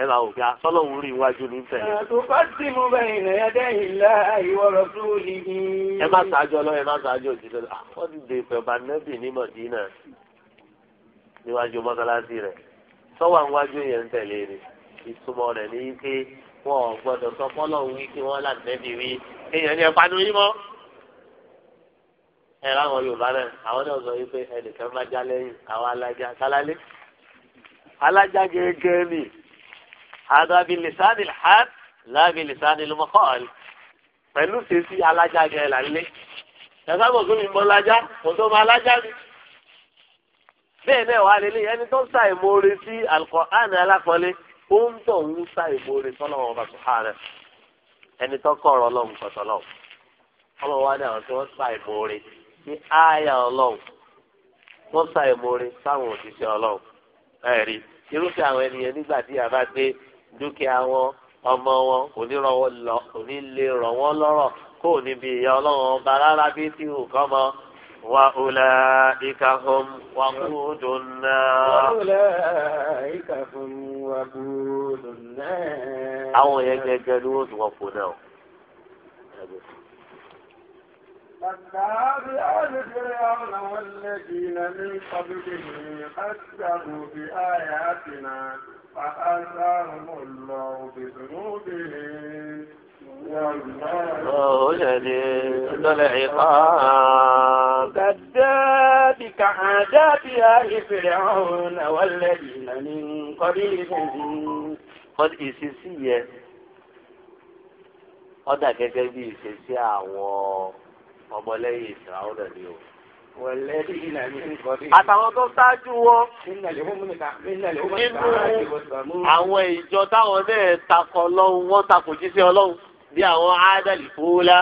ẹ máa wò pé asọ́lọ́hún rí iwájú ní tẹ̀lé. àtúfà tí mo bẹ ìrìn ẹdẹ ìlà ìwọ rẹ tó lè ní. ẹ má ṣáájú ọlọ́run ẹ má ṣáájú òjijì àwọn dìde ìfẹ̀bà nẹ́bì ní mọ̀dínà níwájú mọ́sálásí rẹ̀ sọ́wọ́ àwọn yẹn ń tẹ̀lé ni ìtumọ̀ rẹ̀ ní pé wọn gbọ́dọ̀ sọ fọ́lọ́hún wí kí wọ́n láti nẹ́bì wí alájà gẹ́gẹ́ ni àdàbí lìsánì hàn láàbí lìsánì lùmọ́kọ́ọ̀lì pẹ̀lú sèṣì alájà gẹ́gẹ́ lálẹ́ ẹ̀ka gbọ̀ngàn mi mọ́ alájà kò tó mọ alájà mi. bẹ́ẹ̀ náà wà lélẹ́ ẹni tó ń sa ìmoore sí alukọ̀ánì alákọ̀ọ́lé ó ń tọ̀ ń sa ìmoore sọ́lọ́wọ́n bá sùhánà ẹni tó kọ̀ ọ̀rọ̀ ọlọ́run kọ̀tọ̀lọ́ ọmọ wa ní àwọn tí wọ́n sa ní ááyà ọlọ́run wọ́n sa sáwọn òṣìṣẹ́ ọlọ́run ẹ̀rí irúfẹ́ àwọn ènìyàn nígbà tí a bá gbé dúkìá wọn ọmọ wọn kò ní lè rọ̀ wọ́n lọ́rọ̀ kó o níbi ìyá ọlọ́run ọba rárá bí tí o kọ́ mọ́ wa ọ̀la ìka hom wa kú dùn náà. wa ọ̀la ìka wa kú dùn náà. àwọn yẹn gẹ́gẹ́ ló ń wọ́n fò náà. أصحاب آل فرعون والذين من قبلهم قدروا بآياتنا فأثارهم الله بذنوبهم والله شديد العقاب آل فرعون والذين من قبلهم قد إسسية قد gẹ́gẹ́ اسسيه ìṣesí ọmọlẹ́yìn ìsìnàwó rẹ̀ ni o. Àtàwọn tó ṣáájú wọn. Nínú àwọn ìjọ táwọn náà takọ ọlọ́run, wọ́n takò jíṣẹ́ ọlọ́run bí àwọn Ádàlì Fúlá.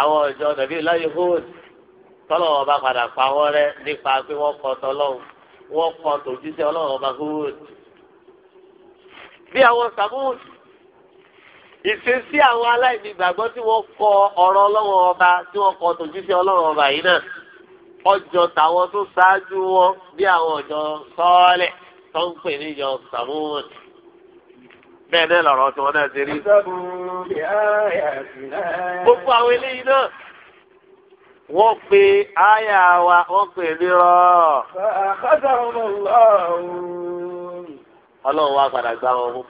Àwọn ìjọ Nàbí Láyé Hóòd tọ́lọ̀ ọba padà pa wọ́n rẹ́ nípa pé wọ́n kọ́ tọ́lọ́run, wọ́n kọ́ tòjíṣẹ́ ọlọ́run ọba Hóòd. Bí àwọn Sàmúùsì ìṣesí àwọn aláìní gbàgbọ́ tí wọ́n kọ ọ̀rọ̀ ọlọ́run ọba tí wọ́n kọ tòjúṣe ọlọ́run ọba yìí náà ọjọ́ tàwọn tó ṣáájú wọn bí àwọn ọjọ́ sọ́ọ́lẹ̀ tó ń pè ní ìjọ sàmúhùn bẹ́ẹ̀ náà lọ̀rọ̀ tí wọ́n náà ti rí. gbogbo àwọn eléyìí náà wọ́n pe àyà wa wọ́n pè nírọ̀. ọlọ́run wa padà gbá wọn mú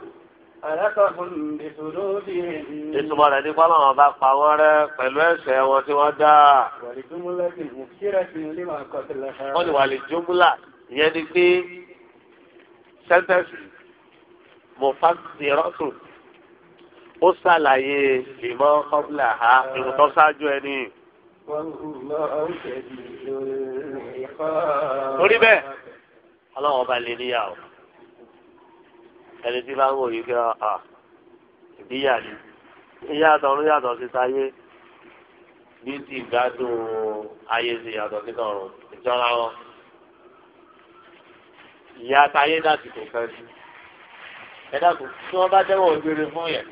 ìtumọ̀ rẹ̀ ní pálọ̀ wọn bá pa wọ́n rẹ́ pẹ̀lú ẹ̀ṣẹ̀ wọn tí wọ́n dá. wọ́n ní wàlẹ̀ jùmúlà ìyẹn ni pé sẹ́ńtẹ́sì mọ̀fásirọ́tù ó ṣàlàyé ìmọ̀ kọ́bùlà ha ìwọ̀n tó ṣáájú ẹni. torí bẹ́ẹ̀ ọlọ́run ọba lè níyàwó ẹni tí bá ń wò yí kí ọ ìbíyà ni ìyàtọ̀ ló yàtọ̀ sí sáyé bí ti gbádùn ayé sí yàtọ̀ sí tọ̀run ìjọra wọn ìyá táyé dàtí kò fẹ́ sí ẹ dàtún tí wọ́n bá jẹ́wọ́ ògbére fún yẹn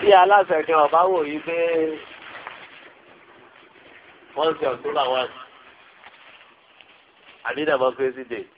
bí aláṣẹ kí ọba wò yí pé wọ́n ń ṣe làwọn àti àbí dàbọ̀ kérésì dèé.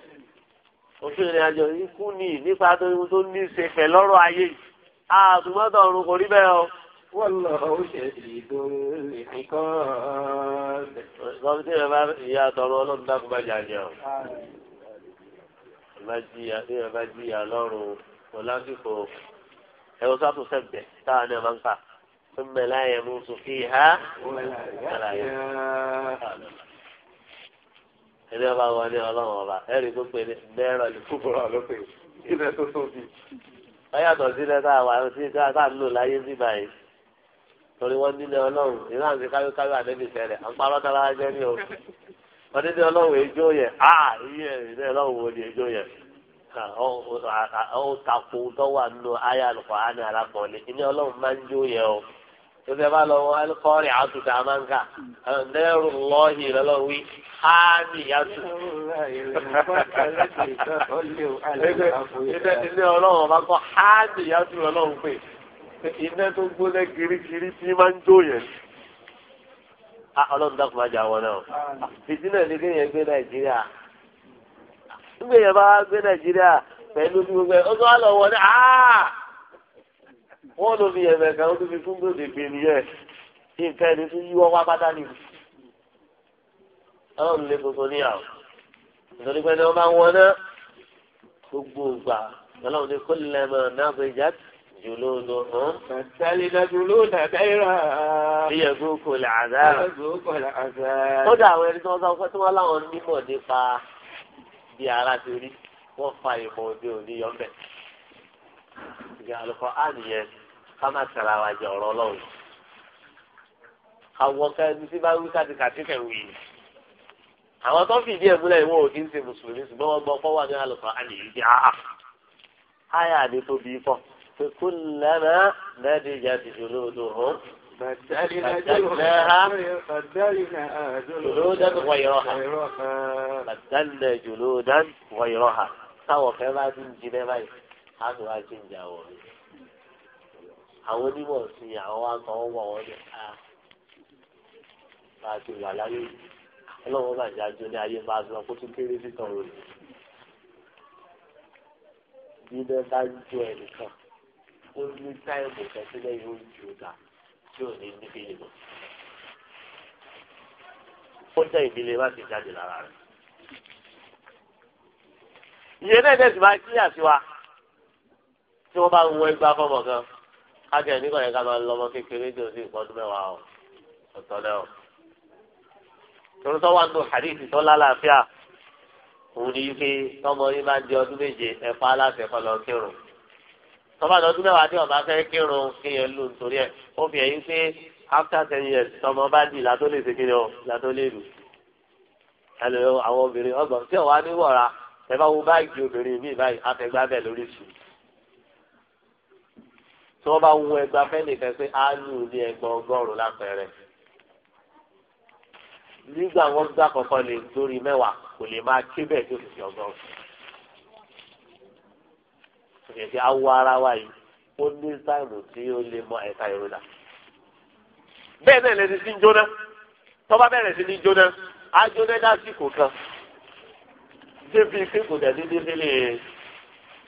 òfin ìrìn àjò ikú ni nípa tó ní tó ní ṣe fẹ́ lọ́rọ̀ ayé àtúmọ̀tò ọ̀run kò rí bẹ́ẹ̀ o. wọ́n lọ ó ṣe ìdó ìfikọ́. lọ́sí ìrẹ̀bá ìyá àtọ̀rọ̀ ọlọ́run dákú bá jà jẹ́ o. ìbá jìyà tí ìrẹ̀bá jìyà lọ́rùn o ẹ̀rọ sátò sẹ́gbẹ̀ẹ́ táwọn náà máa ń kà. ثم لا يموت فيها ولا يحيا ilé ọba wọlé ọlọ́run ọba ẹ̀rí tó pé bẹ́ẹ̀rọ ìkúkúrọ̀ ló pé ilé tó tóbi. wọ́n yàtọ̀ sílẹ̀ tá a wà sí tá a lò láyé sí báyìí torí wọ́n nílé ọlọ́run ìlú àti káyọ̀káyọ̀ àdébì sẹ́lẹ̀ à ń parọ́ dára jẹ́ ní o. wọ́n nílé ọlọ́run èjó yẹn a iye ìlú ọlọ́run wo ni èjó yẹn ó takò tó wà ayé àlùkò àná alákọ̀ọ́lẹ̀ ilé ọlọ́run máa ń jó yẹn o tẹsẹ bá lọ wọn alikọrin àtúntà amáǹkà lẹrù lọhìn lọlọwí ámì yàtú. ilé ọlọ́run bá kọ́ ámì yàtú lọ́lọ́run pé iná tó gbóná girigiri tí máa ń jó yẹn. ọlọ́run dákun má jà wọn náà ìdílé ní kéèyàn gbé nàìjíríà nígbà yẹn bá gbé nàìjíríà pẹ̀lú gbogbo ẹ̀ ó tún wá lọ wọlé áà wọ́n ló fi ẹ̀fẹ̀ kan ó tún fi fún gbòdè gbèrè yẹ kí nǹkan ẹni tún yíwọ́ wá pátá ni. ọlọ́run lè koko ní àwọn nítorí pé ní wọ́n bá ń wọná gbogbo ìgbà ọlọ́run ní kó lè mọ̀ náà fi jà jùlọ́lọ́ hàn. bàtàlì náà jùlọ́lọ́ àdáyìrà. ìyẹn kó kò lè àdá. ó dà àwọn ẹni tí wọ́n sọ pé tí láwọn nímọ̀ nípa bí ara ti rí wọ́n fa ìmọ̀ òde òní yọ̀ ká má sara wa jẹ ọ̀rọ̀ ọlọ́run àwọn kẹ́ni tí bá wí káàdì kàtí kẹ̀ wí àwọn tó fìdí ẹ̀ múlẹ̀ ìwọ̀n òkè ń ṣe mùsùlùmí ṣùgbọ́n wọ́n gbọ́ fọ́wọ́ ní alùpàá àlè yìí bí áhà áyà àdé tó bí fọ́ pé kó lẹ́nà lẹ́dí ìjà ti jòló odò hàn bàtàlínà jòló dán wọ̀yọ̀ hà bàtàlínà jòló dán wọ̀yọ̀ hà táwọn fẹ́ bá dín jiná báyìí á tó wá jíjà wọ̀ mí àwọn onímọ̀ sí àwọn àtọwọ́ wọ̀ wọ́n ní a ah, bá a ti wà láyé ọlọ́run bá àjọ ní ayé bá a ti kó tún kéré sí tọ̀rọ̀ rẹ̀. bí bẹ́ẹ̀ bá jó ẹnìkan ó ní táìmù kẹsílẹ̀ yóò ju ọ̀dà tí ò ní níbi ìlú. ó jẹ́ ìdílé má ti jáde lára rẹ̀. ìyẹn náà dẹ̀ sì sí wa tí wọ́n bá ń wọ ẹgbẹ́ afọ́mọ̀ kan kájọ nígbà yẹn ká máa lọ ọmọ kékeré jọ sí ìpọdún mẹ́wàá o ọ̀tọ̀ náà o torí tó wà nù hadithi tó lálàáfíà òun ni ike tọmọ yín máa ń di ọdún méje ẹ̀fọ́ aláṣẹ kọ́ lọ kírun tọ́ba lọ́dún mẹ́wàá tí ọba fẹ́ kírun kéèyàn lù nítorí ẹ̀ ó fi ẹ̀yìn pé after ten years tọmọ bá dì látó lè ṣe kíni o látó lè lù ẹlò àwọn obìnrin ọgbọ̀n tí ọ̀wá ní wọ̀ra ẹ bá wo báàgì obìnrin míì báyìí tí wọ́n bá wọ ẹgbàá fẹ́nìkan pé áálù ní ẹgbọ́n ọgọ́rùn-ún lápẹẹrẹ nígbà wọn gbà kọ̀ọ̀kan lè dórí mẹ́wàá kò lè máa ké bẹ́ẹ̀ tó fi ọgọ́rùn-ún ìrètí awọ ara wa yìí ó ní táìmù tí ó lè mọ ẹ̀ka ìrora bẹ́ẹ̀ náà lẹ́ni sí jóná tọ́ba bẹ̀rẹ̀ sí ní jóná á jóná lásìkò kan débi pé kò dẹ̀ ní délé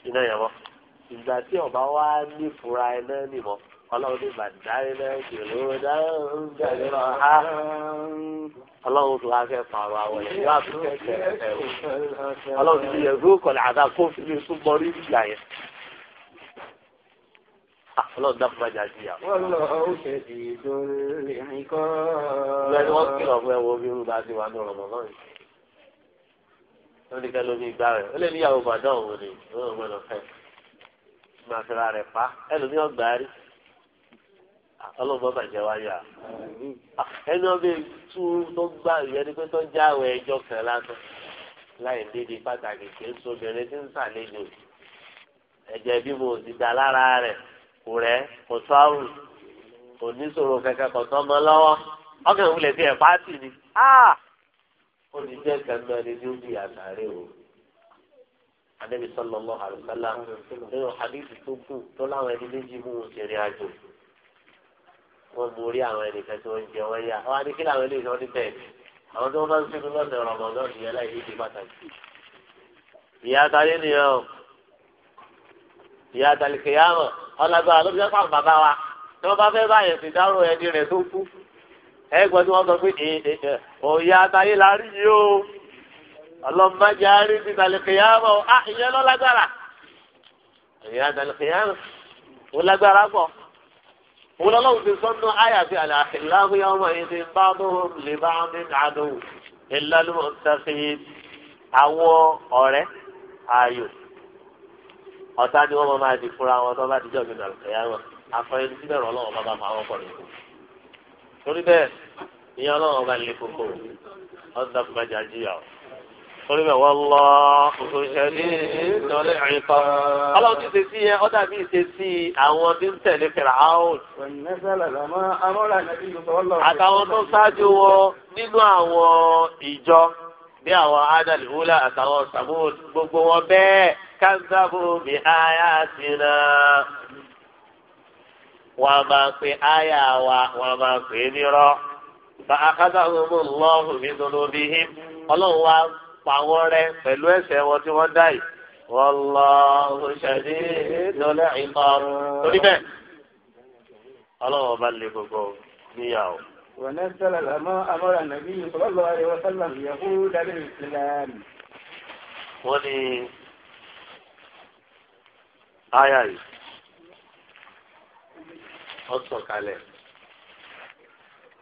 iná yẹn ìgbà tí ọba wa ní ìfura iná nìmọ ọlọ́run ní bàdáyé náà jèrò dáhùn jáde lọ ha ọlọ́run tó wá fẹ́ pààrọ̀ àwọn ẹ̀ yóò àbí kẹ̀kẹ́ ẹ̀ o ọlọ́run ti yẹ kó kọ̀lẹ̀ àdá kó fi lè tún bọ́ ìgbà yẹn. Ah, ọlọ́run dákun bá jà jìyà. Bẹ́ẹ̀ni wọ́n kìlọ̀ fún ẹ̀wọ̀n bí irú bá ti wà ní ọ̀rọ̀ náà yìí. Ó ní kẹ́ lómi gbá rẹ̀. Ó lè níyàwó bàdán òun ni, ó lè gbọ́dọ̀ fẹ́. máa fi ra rẹ̀ pa ẹlòmíì ọgbà rí ọlọ́mọ bàjẹ́ wáyà ẹni ọbẹ̀ tún tó gbà yẹn ni pé tó jáwé ẹjọ́ kan lásán láì dédé pàtàkì kì í sobìnrin tí ń sàlejò ẹ̀jẹ̀ bí mo ti dà lára rẹ̀ kò rẹ̀ kò tó àrùn kò ní sòrò kò tó ọmọ lọ́wọ́ ọkàn ìwúlẹ̀ bí ẹ̀ pàtì ni ó ti jẹ́ ní ó àtàrí o. anabi sallallahu alaihi wasallam nínú hadithi tó kù tó láwọn ẹni méjì mú un ṣèrìn àjò wọn mú orí àwọn ẹnìkan tí wọn jẹ wọn yá wọn á ní kí làwọn eléyìí wọn ní bẹ́ẹ̀ àwọn tó bá ń sinmi lọ́dọ̀ rọmọdọ́ nìyẹn láì ní ìdí pàtàkì. ìyá talé nìyẹn o ìyá talé kìyàmọ ọlọgbà ló fi fáwọn bàbá wa tí wọn bá fẹ́ báyẹn sì dárò ẹni rẹ tó kú ẹ gbọ́dọ̀ wọn sọ pé òòyà talé la ọlọ́mọ jẹ́ àárín ti tàlẹ́kìyàmọ̀ á ìyẹn lọ lágbára ìyá tàlẹ́kìyàmọ̀ ó lágbára pọ̀ wọ́n lọ́wọ́ ti sọ́nù àyàfi àlàáfíà yọmọ ìdí bábọ́n lè bá mi àdó ìlànà ìtàkìyìn àwọn ọ̀rẹ́ ayò ọ̀tá ni wọ́n máa di fúnra wọn tó bá di jọ̀gbìn náà ẹ̀yàwó àfọyín tí bẹ̀rù ọlọ́wọ́ bàbá máa wọ́n pọ̀ lè kó torí bẹ́ẹ̀ torí bẹ̀ wọ́n lọ òṣèlú ìtọ́lẹ̀ àyíká. ọlọ́run nínú àwọn ìjọ bí àwọn adàlẹ̀ wúlà àtàwọn gbogbo wọn bẹ́ẹ̀ kanzabu bi aya sí na wọ́n máa pe aya wa wọ́n máa pe nírọ́. bí him ọlọ́run wa. pa wọ́n rẹ́ pẹ̀lú ẹ̀ṣẹ̀ wọn tí wọ́n dá yìí. Wallahu shadidul iqab. torí bẹ́ẹ̀ ọlọ́run ọba lè gbogbo níyàwó. ونزل أمر النبي صلى الله عليه وسلم يهود بالإسلام. wọ́n ní áyà yìí ó sọ̀kalẹ̀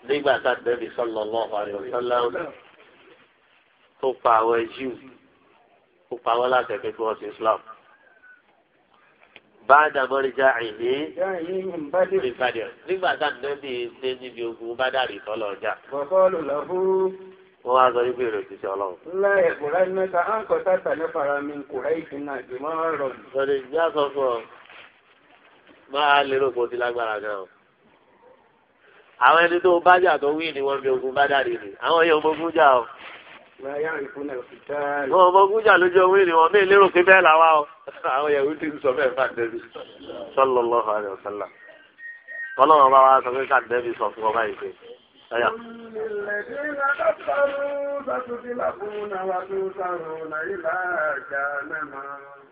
nígbà tá a Ànábì sallallahu alaihi wasallam tó pa àwọn Júù ó pa wọ́n láti ẹ̀kẹ́ kí wọ́n ṣe Islam. báàdà mọ́rìjà ìní ìbàdàn nígbà tá à ń dẹ́bi ṣe níbi ogun bá dàrí tọ́lọ̀ ọjà. bọ́kọ́lù lọ́hùn wọ́n wá sọ wípé ìrètí sí ọlọ́run. láì ẹ̀kúrá mẹ́ta á ń kọ́ sáta ní farami kùrá ìdínà ìgbìmọ̀ ọ̀rọ̀. sọ̀rọ̀ ìgbé àsọ fún ọ máa lérò kó ti lágbára gan o. àwọn ẹni tó bá jà tó wí ni wọ́n fi ogun bá dàrí ni àwọn yóò gbógun jà o. Wọ́n ọmọ gúnjà lójú ọmọ ìlú wọn bẹ́ẹ̀ lérò pé bẹ́ẹ̀ làwa o. Àwọn yẹ̀wò ti ń sọ bẹ́ẹ̀ fún àdẹ́bí. Sallallahu alaihi wasallam. Ọlọ́run bá wa sọ pé kàdẹ́bí sọ fún ọba ìpè. Ọ̀yà. Ìlẹ̀dí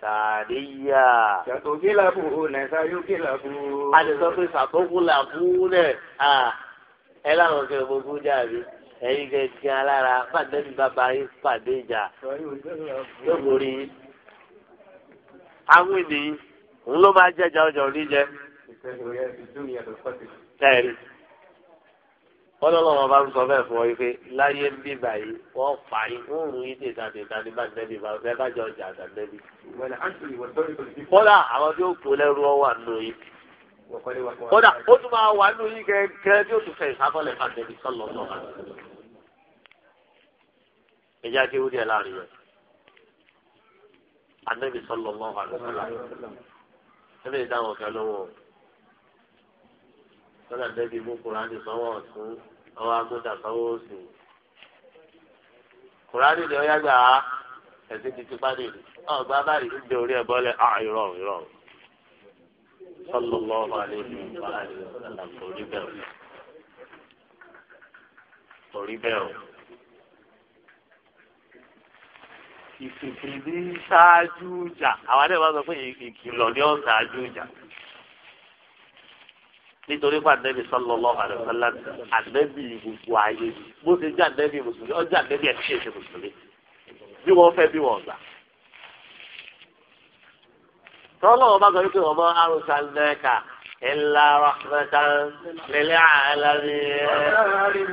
sàríyà. sàtòkìlàbù nẹ sàyókìlàbù. a lè sọ pé sàtòkìlàbù nẹ ẹ láwọn kẹrẹ gbogbo dàbí ẹyin kẹ ti alára fàdébí bàbá yín pàdé ìjà yóò borí àwọn ènìyàn ń ló máa jẹjà ọjọ́ orí jẹ. ẹ̀rí wọn bá ń sọ bẹ́ẹ̀ fún ọ wípé láyé ń bí báyìí wọ́n fà yín wọ́n rún yín tètè tètè ní bá nẹ́bí bá fẹ́ bá jọ jà àgbà nẹ́bí. kódà àwọn tí ó kó lẹ́rú ọ wà nù yín. kódà ó tún máa wà nù yín kẹ́kẹ́ tí ó tún fẹ́ ìsákọ́lẹ̀ fà nẹ́bí sọ́lọ́ sọ́lọ́. ẹja kí wúdí láàrin yẹn. anẹ́bí sọ́lọ́ mọ́ ọ̀hún àgbẹ̀sọ́lá. ẹ̀mí ìdáhùn ọ̀kẹ́ lọ́wọ́ ọwọ́ agbóta sanwó oṣù kùránì ni ọyá gbà á ẹ̀sìn ti tipa dé ni ọgbà báyìí ń de orí ẹ̀ bọ́lẹ̀ ah irọ́ irọ́ sọlọ́lọ́ àlejò àlejò orí bẹ́ẹ̀ orí bẹ́ẹ̀ o. ìkìkì ní ṣáájú ìjà àwọn adébọ̀ sọ pé ìkìlọ̀ ní ọ̀ṣáájú ìjà nítorí pé àdébì sallallahu alaihi wasallam àdébì gbogbo ayé bó ṣe jẹ́ àdébì mùsùlùmí ọjọ́ àdébì ẹ̀ tíye ṣe mùsùlùmí bí wọ́n fẹ́ bí wọ́n gbà. tọ́lọ́ ọba kan wípé ọmọ arúgbó alẹ́ka illa rahmatan lil alamin.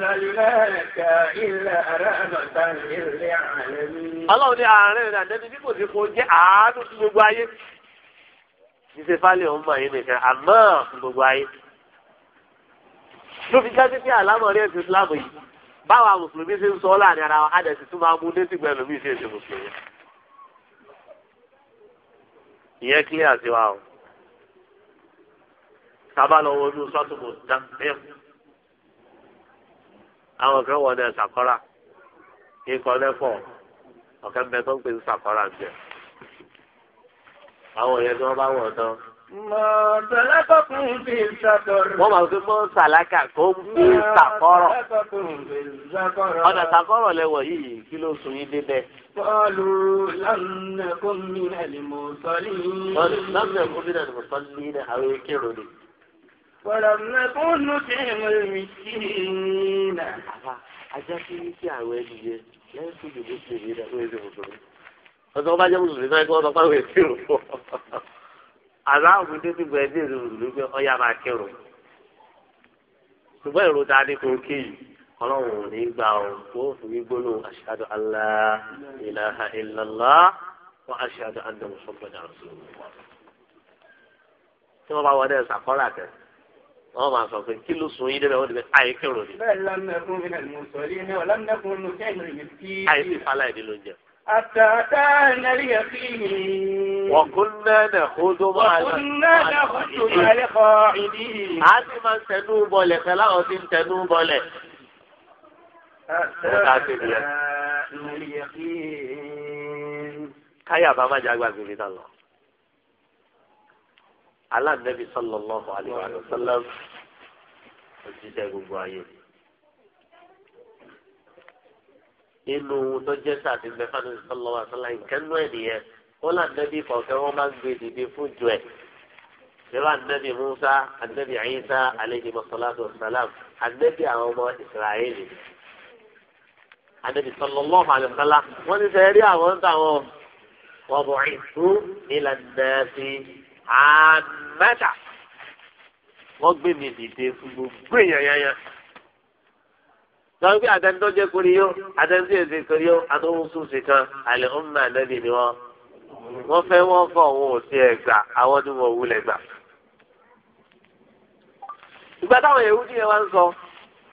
ọlọ́run ní àárín rẹ̀ àdébì bí kò sí kó jẹ́ àánú sí gbogbo ayé. ṣíṣe fálẹ̀ ọmọ yìí nìkan àmọ́ gbogbo ayé ló fi jáde pé àlámọ̀rí ẹ̀sìn Islam yìí báwa mùsùlùmí ṣe ń sọ ọ́ láàrin ara wa á dẹ̀ sì tún máa mú létígbà ẹlòmíì ṣe èsì mùsùlùmí. ìyẹn clear sí wa o sábà lọ wọnú sọ́tùmù dáhùn àwọn kan wọ̀ ní ẹ̀ sàkọ́rà ikọ̀ lẹ́fọ̀ ọ̀kẹ́ mbẹ́ tó ń pè ní sàkọ́rà ń bẹ̀ àwọn yẹn tí wọ́n bá wọ̀ tán wọ́n máa fi mọ́ sàlákà kó ń fi sàkọ́rọ̀ ọ̀nà sàkọ́rọ̀ lẹ́wọ̀ yìí kí ló sùn yín débẹ̀. Kọ́lù lánàkùn mi náà ni mo sọ ní. Lánàkùn mi náà ni mo sọ ní àwọn ekérò ni. Wọ̀lọ̀mẹ́kún nù kí n mọ̀ mi sí i náà. Ajá kí ní kí àwọn ẹnìyẹn lẹ́yìn tó dùn ní ìṣèlérí náà ló ń ṣe mùsùlùmí. Ọ̀sán bá jẹ́ mùsùlùmí náà kí wọ́n sọ fáwọn èsì rò fún ọ aláwọ̀ dédé bọ̀ ẹbí rẹ̀ ló gbé ọyá máa kírun ṣùgbọ́n èrò ta ni kò kí yìí ọlọ́run ò ní gbà ọ́ tó fún mi gbólóhùn ashhadu an la ilaha illallah wa ashhadu anna muhammadan rasulullah. tí wọ́n bá wọlé ẹ̀ sàkọ́lá tẹ̀ wọ́n máa sọ pé kí ló sun yín débẹ̀ wọ́n ti bẹ ayé kírun ni. bẹ́ẹ̀ lọ́nà ẹ̀kún mi náà ni mo أتاتا اليقين وكنا نخوض مع وكنا نخوض مع الخاعدين عظما تنوب لخلاص تنوب له káyà bá má jágbá gbèrè náà lọ aláǹdẹ́bí sọlọ́lọ́hùn àlè wàlúùsọ́lá òjíṣẹ́ gbogbo ayé ni. inú ohun tó jẹ́ sàtì mẹ́fà ní sọ́lọ́ àtàlà ìkẹ́nu ẹ̀ nìyẹn ó là nẹ́bí kọ̀ọ̀kẹ́ wọn máa ń gbé dìde fún jù ẹ̀ nígbà nẹ́bí Musa anẹ́bí ayisa aleyhi masalatu salam anẹ́bí àwọn ọmọ Israẹli anẹ́bí sọlọ́lọ́ọ̀fà àlùkálá wọ́n ti sẹ́rí àwọn ń tàwọn wọ́n bọ̀ ìtú àmẹ́ta wọ́n gbé mi dìde fún gbogbo èèyàn sọ pé àtẹni tó jẹ kiri yó àtẹni tó yẹ kiri yó àtọwọ sùsì kan àlẹ ọmọ ànábì ni wọn wọn fẹ wọn fọ òun ò sí ẹgbà àwọn tó wọn wúlẹ gbà. ìgbà táwọn yẹ̀wù tí yẹn wá ń sọ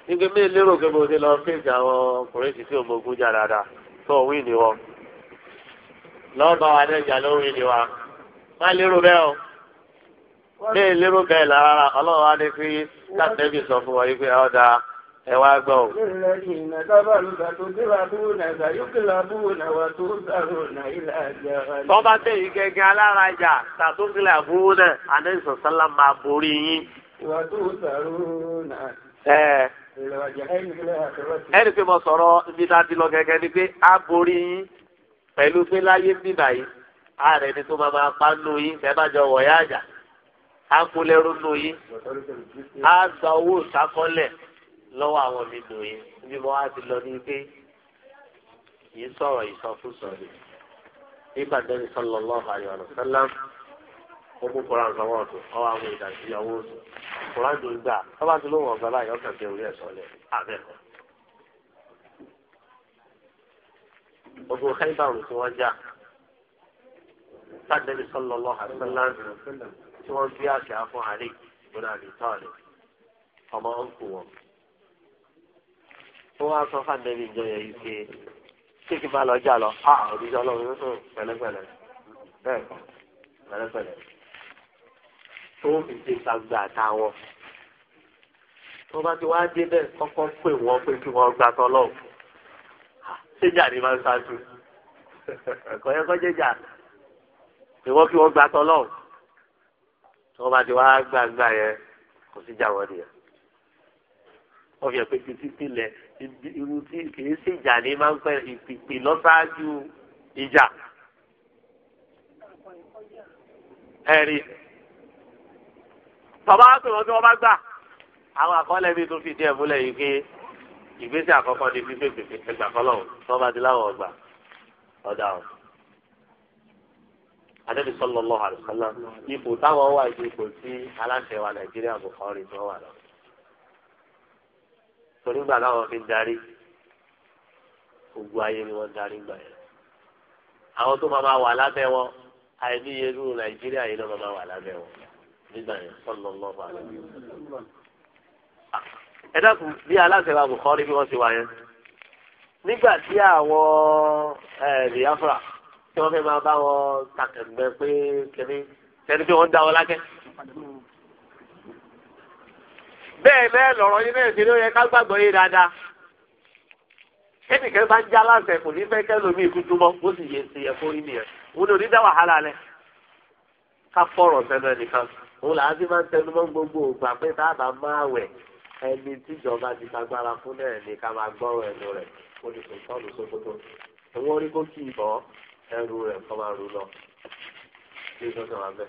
nígbà mí lérò pé mo ti lọ fèsì àwọn ọkùnrin sì tí òmò gúnjà dáadáa tó wí ni wọn lọ́ọ̀bà wa nẹ́jà ló wí ni wa má lérò bẹ́ẹ̀ o bẹ́ẹ̀ lérò bẹ́ẹ̀ lára ọlọ́run á ní kí káàtẹ́bì sọ fún wa yìí pé ọ̀dà ẹ wá gbọ́ o. tọ́ba tẹ̀ yìí gẹ́gẹ́ alárajà tàtúntìlẹ̀ àbúrò náà anẹ́sọ̀ sálá máa borí yín. ẹnì pé mo sọ̀rọ̀ ibi tá a ti lọ gẹ́gẹ́ ni pé a borí yín pẹ̀lú pé láyé bíbà yìí ààrẹ ni tó máa máa pa nù yín tẹ́ bá jọ kú lẹ́rú nù yín á gba owó ìsákọ́lẹ̀ lọ́wọ́ àwọn olùdó yìí níbi mo wá ti lọ ní pé yìí sọ̀rọ̀ ìsọfúnsọ ni nígbà tó ní sọlọ lọ́wọ́ àyọ̀rọ̀ sẹ́lá ó mú koran sọ́wọ́ ọ̀tún ọwọ́ àwọn ìdásí ọwọ́ oṣù koran tó gbà tọ́ba tó lóun ọ̀gá báyìí ọ̀kàn tẹ orí ẹ̀ sọ́lẹ̀ abẹ́kọ̀. ogun kẹ́ńtàrún tí wọ́n já sáàdẹ́bí sọlọ lọ́wọ́ àṣẹlá tí wọ́n gbé àṣà fún àlè ìgbóná àbí tọ́ọ̀lẹ̀ ọmọ ọ̀nkù wọn ó wá sọ fún àdébí ìjọ yìí pé ṣé kí n bá lọ jà lọ a ah, òdìjọ ọlọ́run tó pẹ̀lẹ́pẹ̀lẹ́ bẹ́ẹ̀ pẹ̀lẹ́pẹ̀lẹ́ tó fi ṣe gbàgbà táwọn tó bá ti wá dé bẹ́ẹ̀ kọ́kọ́ pè wọ́n pé kí wọ́n gbà tọ lọ ah, ṣé jà ni máa ń ṣáájú ẹ̀kọ́ yẹn kọ́ jẹ́ jà pé wọ́n kí wọ́n gbà tọ lọ tó bá ti wá gbàgbà yẹn kò sí jà wọ́n nìyẹn wọ́n fi ẹ̀pẹ́ títí pilẹ̀ irú tí kìí sí ìjà ní máa ń pẹ́ ìpìpì lọ́sáájú ìjà. ẹ̀rí tọ́ba pè wọ́n tí wọ́n bá gbà àwọn àkọọ́lẹ̀ bíi tó fi díẹ̀ múlẹ̀ yìí pé ìgbésẹ̀ àkọ́kọ́ ni fífẹ́ gbèsè ẹgbà kọ́lọ̀ tọ́ba ti láwọn ọgbà ọ̀dà ọ̀. Adébísọ́lọ́lọ́ àlùkálá ipò táwọn wà ju ipò tí aláṣẹ wa Nàìjíríà Buhari tó wà lọ torí gbà láwọn fi darí gbogbo ayé ni wọ́n darí gbà yẹn àwọn tó máa wà lábẹ́ wọn àìníye irú nàìjíríà yìí ló máa wà lábẹ́ wọn nígbà yẹn sọ́nà lọ́wọ́ àlọ́ ẹ dákun bí aláṣẹ wa kò kọ́ ní bí wọ́n ṣe wà yẹn nígbà tí àwọn biafra tí wọ́n fẹ́ máa bá wọn takẹ̀gbẹ́ pé kẹ́ni kẹ́ni pé wọ́n dá wọn lákẹ́. bee bẹ́ẹ̀ lọ̀rọ̀ yín bẹ́ẹ̀ sí ló yẹ ká gbàgbọ́ yé dáadáa kẹ́nìkẹ́ bá ń já láǹtẹ̀ kò ní fẹ́ kẹ́lómi ìkútú mọ́ ó sì yẹ ò ní wàhálà lẹ ká fọ̀rọ̀ ẹnìkan òun máa ń gbogbo ògbà pé a bá máa wẹ̀ ẹni tíjọba ti gbàgbára fún náà ká máa ẹnu rẹ̀ kó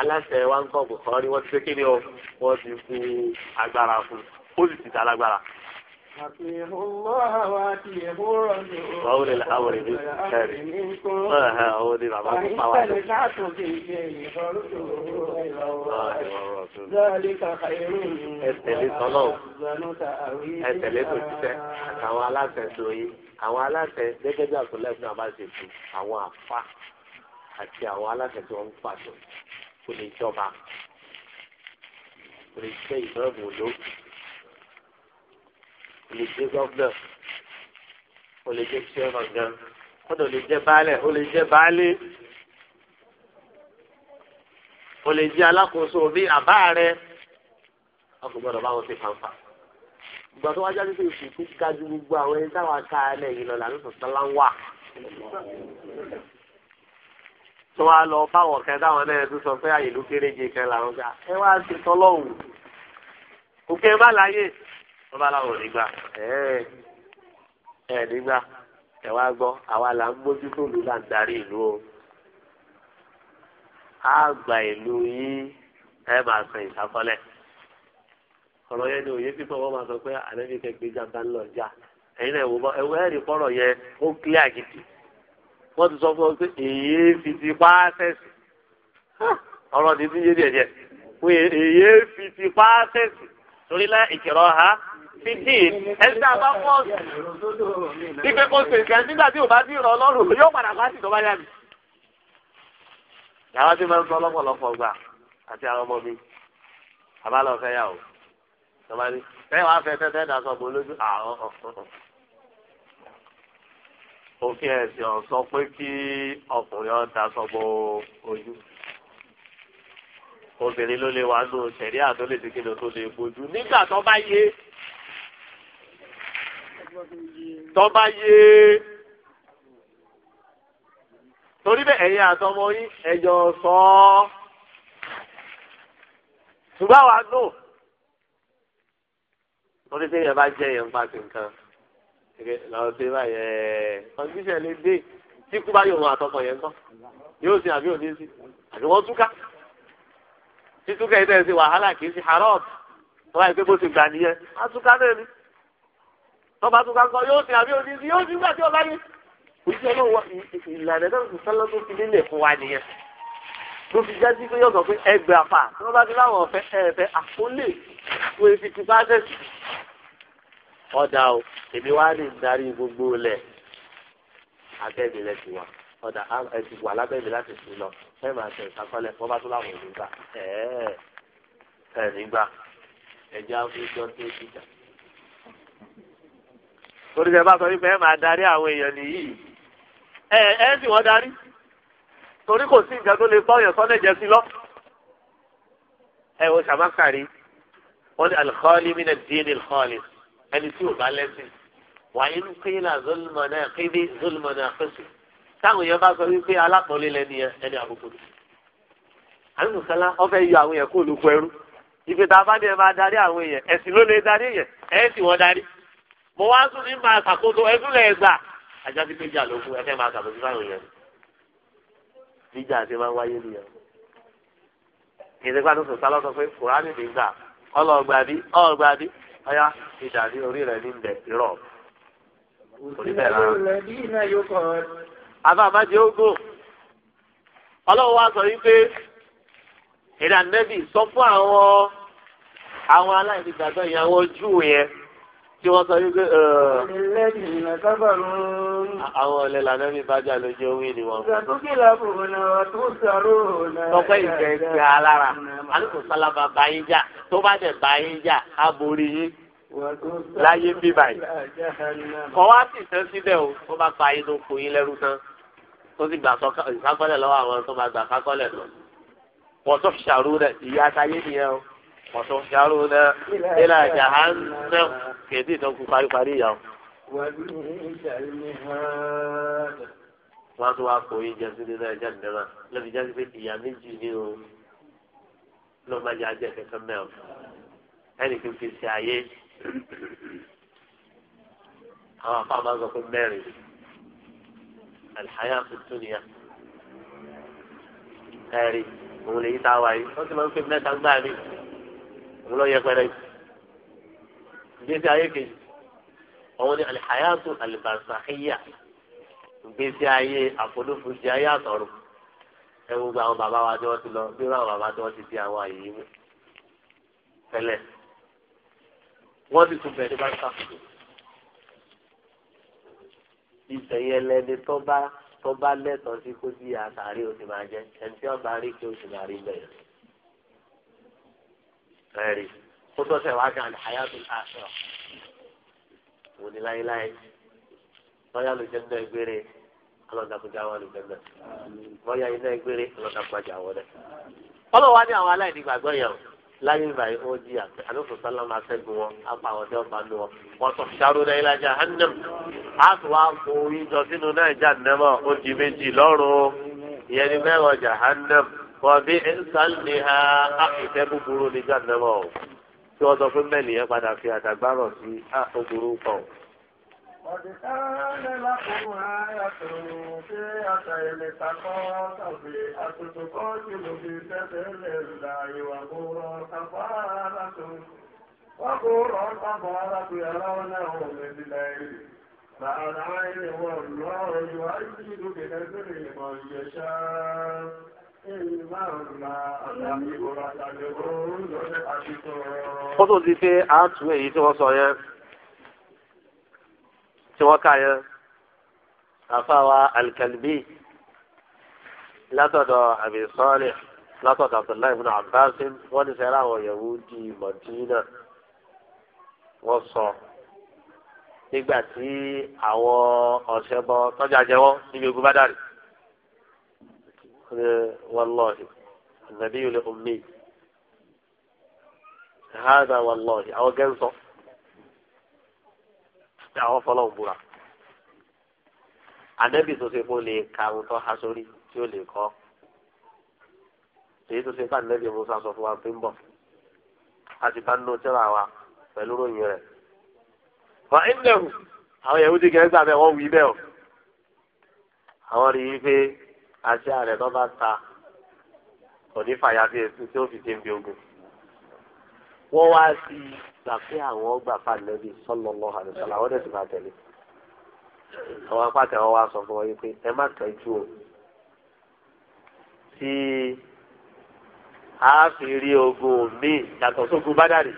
aláṣẹ wa ń kọ́ bùkọ́rí wọ́n ti ṣe kí ni o wọ́n ti kú agbára fún un ó sì ti dá lágbára. Báwo ni àwọn èdè kẹ́rì? Ó ní bàbá kò pa wá jù. Ẹ̀tẹ̀lé sọ́nà o. Ẹ̀tẹ̀lé tó jíṣẹ́ àtàwọn aláṣẹ tó yí. Àwọn aláṣẹ gẹ́gẹ́ bí àtúnlẹ̀ fún àbáṣe fún àwọn àfa àti àwọn aláṣẹ tí wọ́n ń pàṣẹ kò lè jọba kò lè jẹ́ ìmọ̀ọ́mù olóògùn kò lè jẹ́ gọ́vnà kò lè jẹ́ chairman gan kódà lè jẹ́ baálẹ̀ ó lè jẹ́ baálé ó lè jẹ́ alákòóso bí àbá rẹ ọkùnrin gbọ́dọ̀ báwọn ti fanfa ìgbà tó wájú àti ìfì tó ga ju gbogbo àwọn ẹni táwọn aká ẹ lọ làlùsọ sọlá ń tó wá lọ fáwọn kan táwọn náà tó sọ pé àyèlú kéréje kan làwọn gbà ẹ wá ṣe tọlọ́hùn òkè bá láyè wọn bá láwọn nígbà ẹ ẹ nígbà ẹ wá gbọ́ àwa là ń mójútó ìlú là ń darí ìlú o á gba ìlú yín ẹ máa san ìsáfọ́lẹ̀ ọ̀rọ̀ yẹn ni òye pípọ̀ wọ́n máa sọ pé àlẹ́ mi kẹ́ gbé jàmbá ńlọ jà ẹ̀yin náà ẹ̀wọ́ ẹ̀rí fọ́rọ̀ yẹn ó kílẹ̀ àgìdì. wọ́n ti sọ fún ọ pé èyí fi ti pa sẹ́sì ọ̀rọ̀ ti ti díẹ̀díẹ̀ pé èyí fi ti pa sẹ́sì torí ha fi dì í ẹni tí a bá ìgbẹ́ kó ṣe ìkẹ́ nígbà tí bá lọ́rùn yóò padà bá yá mi. ń sọ lọ́pọ̀lọpọ̀ gbà àti àwọn ọmọ mi àbálọ̀ fẹ́ yà tọ́ba ní òfin ẹ̀sìn ọ̀sọ́ pé kí ọkùnrin ọ̀dà sọ́gbọ́ ojú obìnrin ló lè wá nù sẹ̀rí àtó lè dìgbìn tó lè bójú nígbà tó bá yé tó bá yé torí bẹ́ẹ̀ ẹ̀yin àtọmọ yín ẹ̀jọ̀ sọ ṣùgbọ́n àwa nù torí pé yẹn bá jẹ́ yẹn ń pàṣẹ nǹkan làwọn ṣe báyìí ẹ lè dé tí kú bá yọ wọn àtọkọ yẹn kọ yóò sin àbí òní sí àbí wọn túká títúkẹ yìí tẹ̀sí wàhálà kì ṣe haram wọn báyìí pé bó ti gbà nìyẹn á túká náà ni wọn bá túká kọ yóò sin àbí òní sí yóò sin gbà tí ọba yìí òṣìṣẹ́ ìlànà náà kò sálọ tó fi nílẹ̀ fún wa nìyẹn ló fi jáde pé yọ̀sọ̀ pé ẹgbẹ́ àpà tí wọ́n bá ti láwọn ọ̀fẹ́ ẹ̀ẹ́fẹ́ àpólè ọ̀dà o èmi wá ní ìdarí gbogbo lẹ̀ abẹ́mi lẹ ti wà ọ̀dà ẹ ti wà lábẹ́mi láti sùn lọ ẹ máa tẹ̀ ìsakọ́lẹ̀ wọ́n bá tó láwọn òní gbà ẹ̀ẹ́ ẹ̀ nígbà ẹ̀jẹ̀ àwùjọ tó dìjà. torí ẹ bá sọ wípé ẹ máa darí àwọn èèyàn nìyí ẹ ẹ sì wọ́n darí torí kò sí nǹkan tó lè bá ọ̀yàn sọ́lẹ̀ jẹ sí lọ. ẹ wo sàmákàrí wọn ni alikọ́ọ̀lì mi nà dín ní alikọ́ọ̀lì ẹni tí ò bá lẹ́sìn wàyí ń pín ilà zolmọ̀nà kébé zolmọ̀nà fẹsẹ̀ táwọn èèyàn bá sọ wípé alápọ̀nlé lẹ́ni yẹn ẹni àbùkù ni. àwọn ìsọ̀lá ọ̀fẹ́ yọ àwọn yẹn kó olùkọ́ ẹrú ìfẹ́ tá a bá ní ẹ máa darí àwọn èèyàn ẹ̀sìn ló lè darí èèyàn ẹ̀sìn wọn darí. mo wá sùn ní máa ṣàkóso ẹ̀sùn lẹ̀ gbà ajá péjà ló fún ẹ̀fẹ́ máa ṣàkóso fáwọn èèyàn. jíjà àti máa ń wáyé nìyẹn. ìdígbà tó sọ sálọ́ sọ pé kùránì ọyá ìdàrí orí rẹ̀ ní ìbẹ̀ rọ̀ orí bẹ̀ rárá. àbá àbájẹ ogun ọlọ́run wa sọ wípé ìdánilẹ́bì sọ fún àwọn àwọn aláìnígbàgbọ́ yẹn àwọn ojú yẹn tí wọ́n sọ wípé àwọn ọ̀lẹ́ lànà mi bájà ló jẹ́ owó ìdíwọ̀n. tọ́pẹ́ ìgbẹ́ ìgbẹ́ alára alùpùpù sálábà báyìí jà tó bá dẹ̀ báyìí jà aborí yín láyé ń bí báyìí kọ́ wá sì tẹ́ síbẹ̀ o tó bá pa inú kò yín lẹ́rú tán tó sì gbà sákọ́lẹ̀ lọ́wọ́ àwọn tó máa gbà sákọ́lẹ̀ lọ. wọ́n tó ṣàrú rẹ̀ ìyá táyé nìyẹn o wọ́n tó ṣàrú rẹ̀ ilẹ̀ ẹ̀jẹ̀ á ń tẹ̀ kéde tó kú paríparí ìyá o. wọ́n tún wá kó yín jẹ sí nínú ẹ̀jẹ̀ nìyẹn lọ́bi jẹ́ pé ìyá méjì ni o lọ́ọ́ má jẹ́ àjẹ́ kẹ́kẹ́ ألف في السعيين أو أقام أزف النار الحياة في الدنيا هاري مولي تعوي أنت ما في بنات أمامي مولي يقبلي في سعيك أولي الحياة البرسخية في سعيه أقول في سعيه أطرق ẹwùgbà ọba bá wa jọ ti lọ bí wọn bá wa wọ́n ti tún bẹ̀rẹ̀ bá ń kàkùrù. ìbẹ̀yẹ lẹni tó bá tó bá lẹ́tọ̀ọ́ sí kó sí àtàrí oṣù máa jẹ ẹni tí wọ́n bá rí kí oṣù máa rí bẹ̀rẹ̀. ẹ̀rí kó tó tẹ̀ wá gan àyàtò àṣọ òun ni láéláé lọ́yà ló jẹ́ ń bẹ́ẹ̀ gbére ọlọ́dàkùnjà wọn ló jẹ́ ń bẹ́ẹ̀ lọ́yà iná gbére ọlọ́dàkùnjà wọn lẹ́. ọlọ́wà ní àwọn aláìní gbàgbọ́ yẹn o láyé báyìí ó di àti àlùfò sálà máa ṣẹ́gun wọn apá àwọn tí wọ́n bá wọn. wọ́n sọ ṣàrò náà ilá jahannam á tún wá kó sínú náà jahannama ó di méjì lọ́rùn ìyẹn ni mẹ́wàá jahannam wọ́n bí sálì ha á ìfẹ́ búburú ní jahannama o. tí wọ́n sọ pé mẹ́lì yẹn padà fi àtàgbárọ̀ sí á ó ọtịtara na apa ụmụnaahịa tụrụ tee ya taletatọ tabi atụtụtọci bụdi tenaịwa bụrụ tapaaatụagụ ụlọ abụaraụya aai r naọrụca aodụzike atụeite ọzọ ya tí wọ́n kà yẹn àfàwà alkalbi látọ̀dọ̀ àbí sọ́ọ̀lẹ̀ látọ̀dọ̀ abdullahi ibn abbas wọ́n ní sẹ́ra àwọn yahudi madina wọ́n sọ nígbà tí àwọn ọ̀sẹ̀ bọ tọ́jà jẹ́wọ́ níbi ogun bá dàrí wallahi annabi ul ummi hada wallahi àwọn gẹ́nsọ̀ pé àwọn fọlọ́ òbúra ànẹ́bì tó ṣe kó lè ka ohun tó sórí tí ó lè kọ́ èyí tó ṣe bá ànẹ́bì musa sọ fún wa pé ń bọ̀ a ti bá nínú tẹ́lá wa pẹ̀lú ròyìn rẹ̀ wà á ń lẹ̀hùn àwọn yahudi gẹ́gẹ́ gbà wọ́n wí bẹ́ẹ̀ o àwọn rí i pé àṣà rẹ̀ tó bá ta kò ní fàyà sí ètò tí ó fi dé ibi ogun wọ́n wá sí gbà pé àwọn gbà fà lẹ́bi sallallahu alaihi wasallam àwọn dẹ̀sí máa tẹ̀lé àwọn apá kan wá sọ fún wọn yìí pé ẹ má tọ́jú o tí a fi rí ogun míì yàtọ̀ sógun bádàrí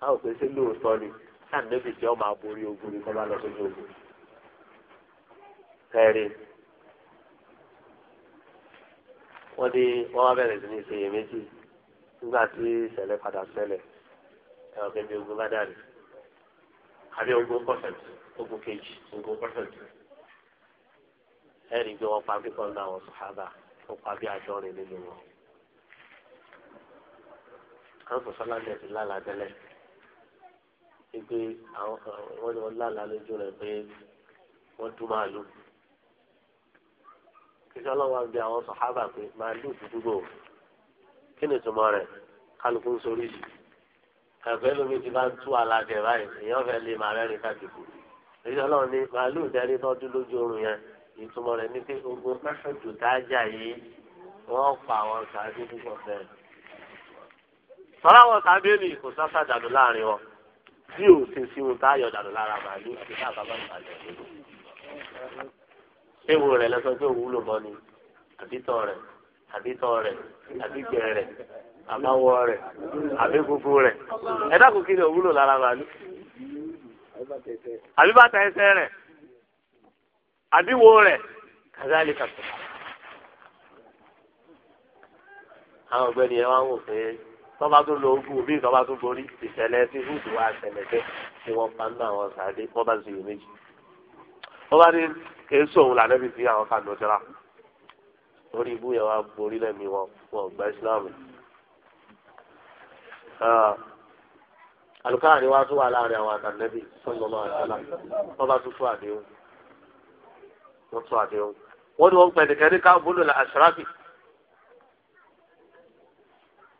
a ò pèsè lóòótọ́ ni náà níbi tí wọ́n máa borí ogun ni kọ́ bá lọ sójú ogun kẹrin wọ́n ní wọ́n wá bẹ̀rẹ̀ sí ní ìṣèyí méjì nígbà tí ìṣẹ̀lẹ̀ padà ṣẹlẹ̀ ẹ̀rọ kẹbi ogun bá dàrí àbí ogun pọ̀sẹ̀t ogun kejì ogun pọ̀sẹ̀t ẹ̀rí gbé wọn pa pípọ̀ ní àwọn sàhábà ó pa bí àjọrin nínú wọn. káńsọ̀ sọ́lá ní ẹ̀sìn lálàá tẹ́lẹ̀ pé wọ́n ní wọ́n lálàá lójú rẹ̀ pé wọ́n dún màálù. kíkọ́ lọ́wọ́ bí àwọn sàhábà pé màálù dúdú bò ó kí ni ìtumọ̀ rẹ̀ kálukú ń sorí yìí ẹ̀fẹ́ lómi ti bá ń tú alájẹ báyìí èèyàn fẹ́ lè máa rẹ́rìn káàkiri èyí ọlọ́run ní màálù ìdarí tọ́jú lójú oorun yẹn ìtumọ̀ rẹ̀ ní pé ogun mẹ́sàn-án tá a jà yìí wọ́n pa àwọn sàbí púpọ̀ bẹ́ẹ̀. sọ́lá wọn kò sáfà dànù láàrin wọn tí ò ṣe sí ohun tá a yọ dànù lára màálù àti tá bá bá ìbàdàn àbí tọ́ rẹ̀ àbí gbẹ rẹ̀ àbáwọ̀ rẹ̀ àbí gbogbo rẹ̀ ẹ dákun kí ni òwúlò lára màálù àbí bàtà ẹsẹ̀ rẹ̀ àbí wo rẹ̀ kàdáàlì kàtó. àwọn ọ̀gbẹ́ni ẹ wá ń wò pé tọ́ba tó lo ogún òbí tọ́ba tó borí ìṣẹ̀lẹ̀ tí húdù wá ṣẹlẹ̀ tẹ́ tí wọ́n máa ń ná àwọn sàádé wọ́n bá ń ṣe iyèméjì. wọ́n bá ní èso òun làdẹ́bí sí àwọn kan lọ́jọ́ra orí ibú yẹn wá borí lẹ́mi wọn wọn ò gba ìsìláàmù. àlùkáàrí wa tún wà láàrin àwọn àtàlẹ́bí sọ́nùmọ́ àtàlà wọ́n bá tún tún àdéhùn wọ́n tún àdéhùn wọ́n ní wọ́n pẹ̀lú kẹ́rí ká bólú la àṣíráàbì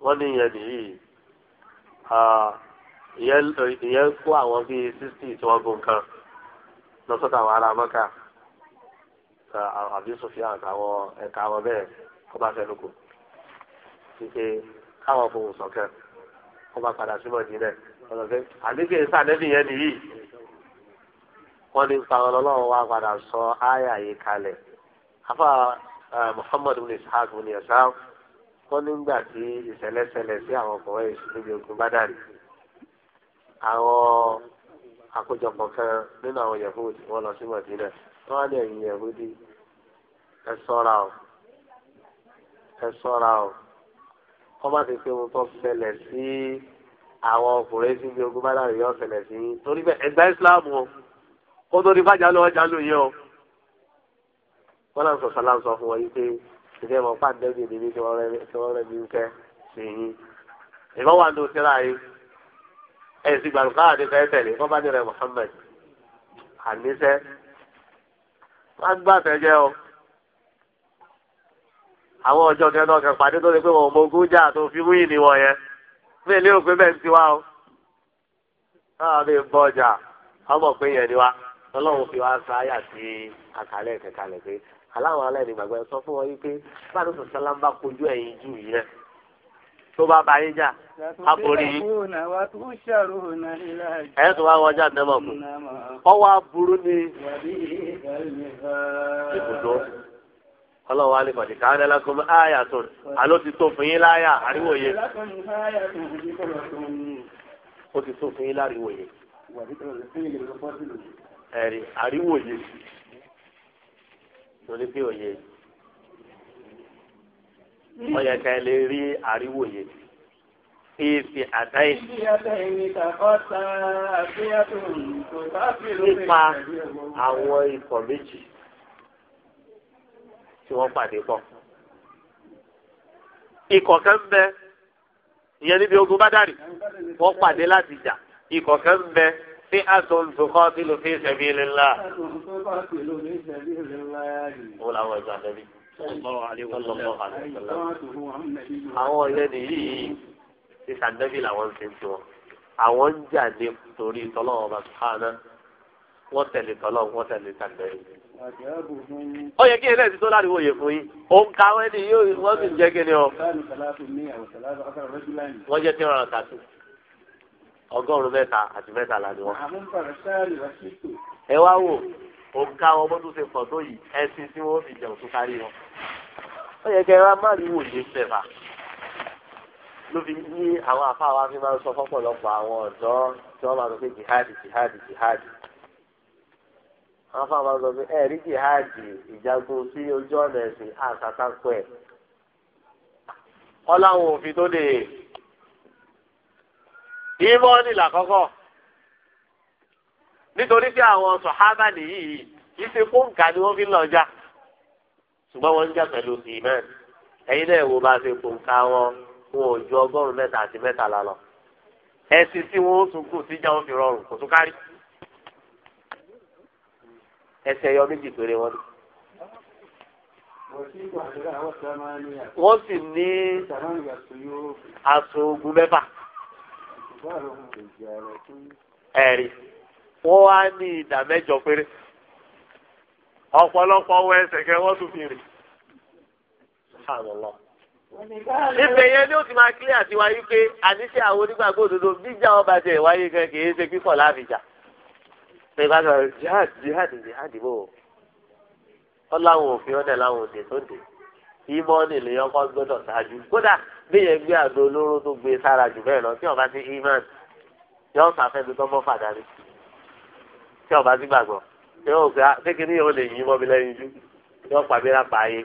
wọ́n ní ìyẹn nìyí ìyẹn kó àwọn bíi sixty tí wọ́n gùn kan lọ́sọ̀tà àwọn ará mọ́kà àbí sọfíà àtàwọn ẹ̀ka àwọn bẹ́ẹ̀ kó bá fẹnu kù ṣíṣe káwọn fohùn sọkẹ kó bá padà síbọ̀ jinlẹ̀ ọlọ́fẹ́ àdébí ẹ̀sà àdébí yẹn nìyí wọ́n ní sàrọ̀ lọ́wọ́ wa padà sọ áyà yìí kalẹ̀ afa muhammadu bin ishaq bin yasau wọ́n nígbà tí ìṣẹ̀lẹ̀ ṣẹlẹ̀ sí àwọn ọkùnrin níbi ogun bádàrí àwọn àkójọpọ̀ kan nínú àwọn yahoo tí lọ sí mọ̀dínà wọ́n á dẹ̀ yin yẹ̀húdí ẹ sọ́ra o ẹ sọ́ra o wọ́n bá ti pé mo tọ́ ṣẹlẹ̀ sí àwọn ọkùnrin tí bí ogun bá dàrú yọ ṣẹlẹ̀ sí yín torí bẹ́ẹ̀ ẹgbẹ́ ìsìláàmù o kó tó ní bàjá lọ́wọ́ jálù yín o wọ́n náà sọ sọ́lá sọ fún wọn yìí pé ìdẹ́ mọ̀ pàdébì mi ní wọ́n rẹ̀ mí ń kẹ́ sí yín ìbọn wà ní òsínlá yìí ẹ̀sìn gbàlùkọ́ àti tẹ̀lé kọ́ bá ní rẹ̀ Muhammad àníṣẹ́ má gbà tẹ́jẹ́ o àwọn ọjọ́ kẹ́ńtà ọ̀kẹ́ pàdé tó lè pé wọn ò mogún jà tó fi wíìnì wọn yẹn fún ilé òpin bẹ́ẹ̀ ti wá o náà lè bọ́ ọjà ọmọ pé yẹn ni wá ọlọ́run fi wá sáyà sí àkàlẹ̀ kẹkàlẹ̀ pé aláwọn alẹ́ nígbàgbọ́ sọ fún wọn yìí pé bá a ló sọ sálámbá kojú ẹ̀yìn jù yìí náà tó bá ba yín jà á borí yín. ẹ tó bá wọjá dẹ́mọ̀ fún ọwọ́ aburú ni ibùdó ọlọ́wọ́ alẹ́kọ̀dé káwọn ẹlẹ́kùn áyà tó àló ti tó fún yín láyà àríwò yẹn ó ti tó fún yín láríwò yẹn ẹ̀rí àríwò yẹn lórí pé òye yìí ọyẹ ká ẹ lè rí àríwò yẹn fífi àdáyé. nípa àwọn ikọ̀ méjì tí wọ́n pàdé pọ̀. ikọ̀ kan ń bẹ ìyẹn níbi ogun bá dárì wọ́n pàdé láti jà ikọ̀ kan ń bẹ fi àtúntò kọ́ sílùú fi sabilillah. wọ́n làwọn ìgbà tẹ́lẹ̀ àwọn ọ̀yẹ́ nìyí ti sàdẹ́bí làwọn ń ṣe tiwọn àwọn ń jà ní torí tọ́lọ́wọ́ bá sùhánà wọ́n tẹ̀lé tọ́lọ́wọ́ wọ́n tẹ̀lé sàdẹ́bí. ó yẹ kí ẹ lẹ́sìn tó láriwo yẹ fún yín òun káwé ni yóò wọ́n sì jẹ́ kí ni ọ. wọ́n jẹ́ tí wọ́n rà tàbí ọgọ́rùn-ún mẹ́ta àti mẹ́ta là ni wọ́n. ẹ wá wò òun káwọ́ bó tún ṣe pọ̀ tó yìí ẹ̀sìn tí wọ́n fi jẹun tó kárí wọn ó yẹ kẹ́ má rí wò lé fẹ́ ní àwọn àfáàwá fi máa ń sọ fọ́pọ̀lọpọ̀ àwọn ọ̀dọ́ tí wọ́n máa sọ pé jihadi jihadi jihadi àwọn afáàmà sọ pé ẹ̀rí jihadi ìjagun sí ojú ọ̀nà ẹ̀sìn àtàtàkọ ẹ̀ ọláwọn òfin tó lè ìmọ̀ nílà kọ́kọ́ nítorí pé àwọn sọ̀hábà nìyí ìṣe fóǹkà ni wọ́n fi ń lọ jà ṣùgbọ́n wọ́n ń jà pẹ̀lú iman ẹ̀yin náà wo bá ṣe pòǹkà wọn wọn ò ju ọgọ́rùn-ún mẹ́ta àti mẹ́tàlá lọ ẹ̀sìn tí wọ́n ó tún kù síjà wọn fi rọrùn kò tún kárí ẹsẹ̀ yọ méjì péré wọn ni. wọ́n sì ní aṣọ ogun mẹ́fà ẹ̀rí wọ́n wá ní ìdá mẹ́jọ péré ọ̀pọ̀lọpọ̀ ọwọ́ ẹsẹ̀ kẹ wọ́n tún fi rìn. ibẹ̀ yẹn ni ó ti máa kílẹ̀ àti wáyé pé àníṣe àwọn onígbàgbọ́ òdodo jíjà ọba jẹ ìwáyé gan kì í ṣe pípọ̀ láàbìjà. pé bá sọ jihad jihad jihad bò ó láwọn òfin ọ̀dẹ̀ láwọn òde tó dé ìmọ̀ọ́nì lèyàn kọ́ gbọ́dọ̀ ṣáájú kódà bí yẹn gbé àdó olóró tó gbé sára jù bẹ́ẹ̀ lọ tí ọba ti imán yọ ṣé o fẹ́ kékeré yìí ó lè yí mọ́bi lẹ́yìn jú yóò pàmí lápá yé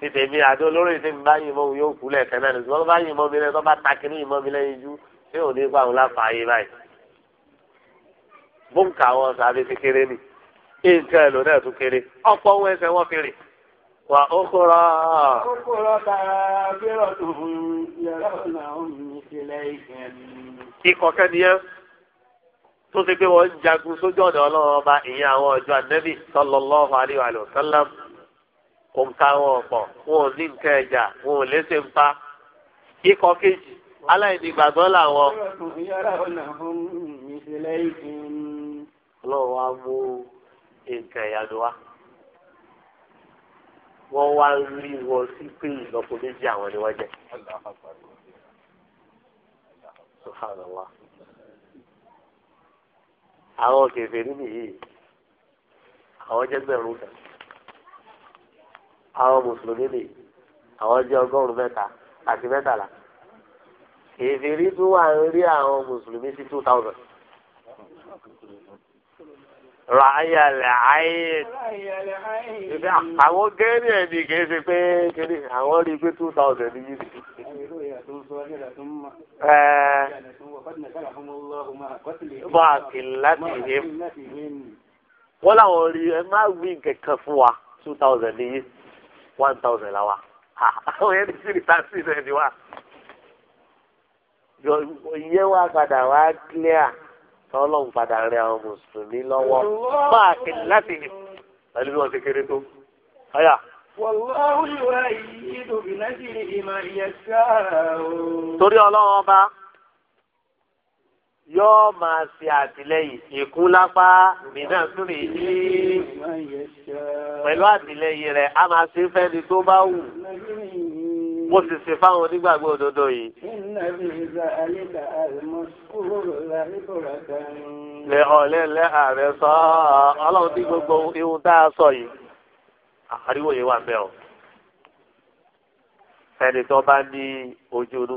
tètè mi àti olórí tèmi bá yìí mọ́bi yóò kú lẹ́ẹ̀kan náà nìyí wọ́n bá yìí mọ́bi lẹ́yìn tó bá ta kiri yìí mọ́bi lẹ́yìn jú ṣé ò ní pa òun lápá yé báyìí. bóńkà wọn sàbí ti ni nǹkan èlò náà tún kéré ọ̀pọ̀ ohun ẹsẹ̀ wọn fi rè wà ó kóra. ó kóra tààrà bí tó ṣe pé wọ́n ń jagun sójú ọ̀nà ọlọ́run ọba ìyẹn àwọn ọjọ́ ànẹ́bì sallallahu alaihi wa sallam kò ń ka wọn ọ̀pọ̀ wọn ò ní nǹkan ẹ̀jà wọn ò léṣe ń pa ikọ̀ kejì aláìní gbàgbọ́ làwọn. ọlọ́run wa mú nǹkan ìyanu wa wọ́n wá rí wọn sí pé ìlọ́po méjì àwọn ni wọ́n jẹ́. subhanallah àwọn kèfèrí nìyí àwọn jẹ́ gbẹ̀rún kan àwọn mùsùlùmí nìyí àwọn jẹ́ ọgọ́rùn mẹ́ta àti mẹ́tàlá kèfèrí tún wà ń rí àwọn mùsùlùmí sí two thousand ràáyà lẹ̀ ayé àwọn gẹ́rì ẹ̀ ní kìí ṣe pé kìí àwọn rí pé two thousand ní yìí. bá a kì láti yé wọ́n láwọn rí ẹ má wí kẹ̀kẹ́ fún wa two thousand ní yìí one thousand la wa àwọn yẹn ní three thousand ẹ̀ ní wa ìyẹn wá padà wá clear tọ́lọ́hún padà rẹ àwọn mùsùlùmí lọ́wọ́ máa kì láti ní pẹ̀lú bí wọ́n ti kéré tó. ọ̀yà. torí ọlọ́run ọba yóò máa ṣe àtìlẹ́yìn ìkún lápá mìíràn tún lè yí pẹ̀lú àtìlẹ́yìn rẹ̀ a máa ṣe fẹ́ni tó bá wù mo sì ṣe fáwọn onígbàgbọ́ òdodo yìí. lè ọ̀lẹ́ lẹ́ ààrẹ sọ ọlọ́run tí gbogbo ihun tá a sọ yìí àríwò yìí wà bẹ́ẹ̀ o ẹni tó bá ní ojúnú.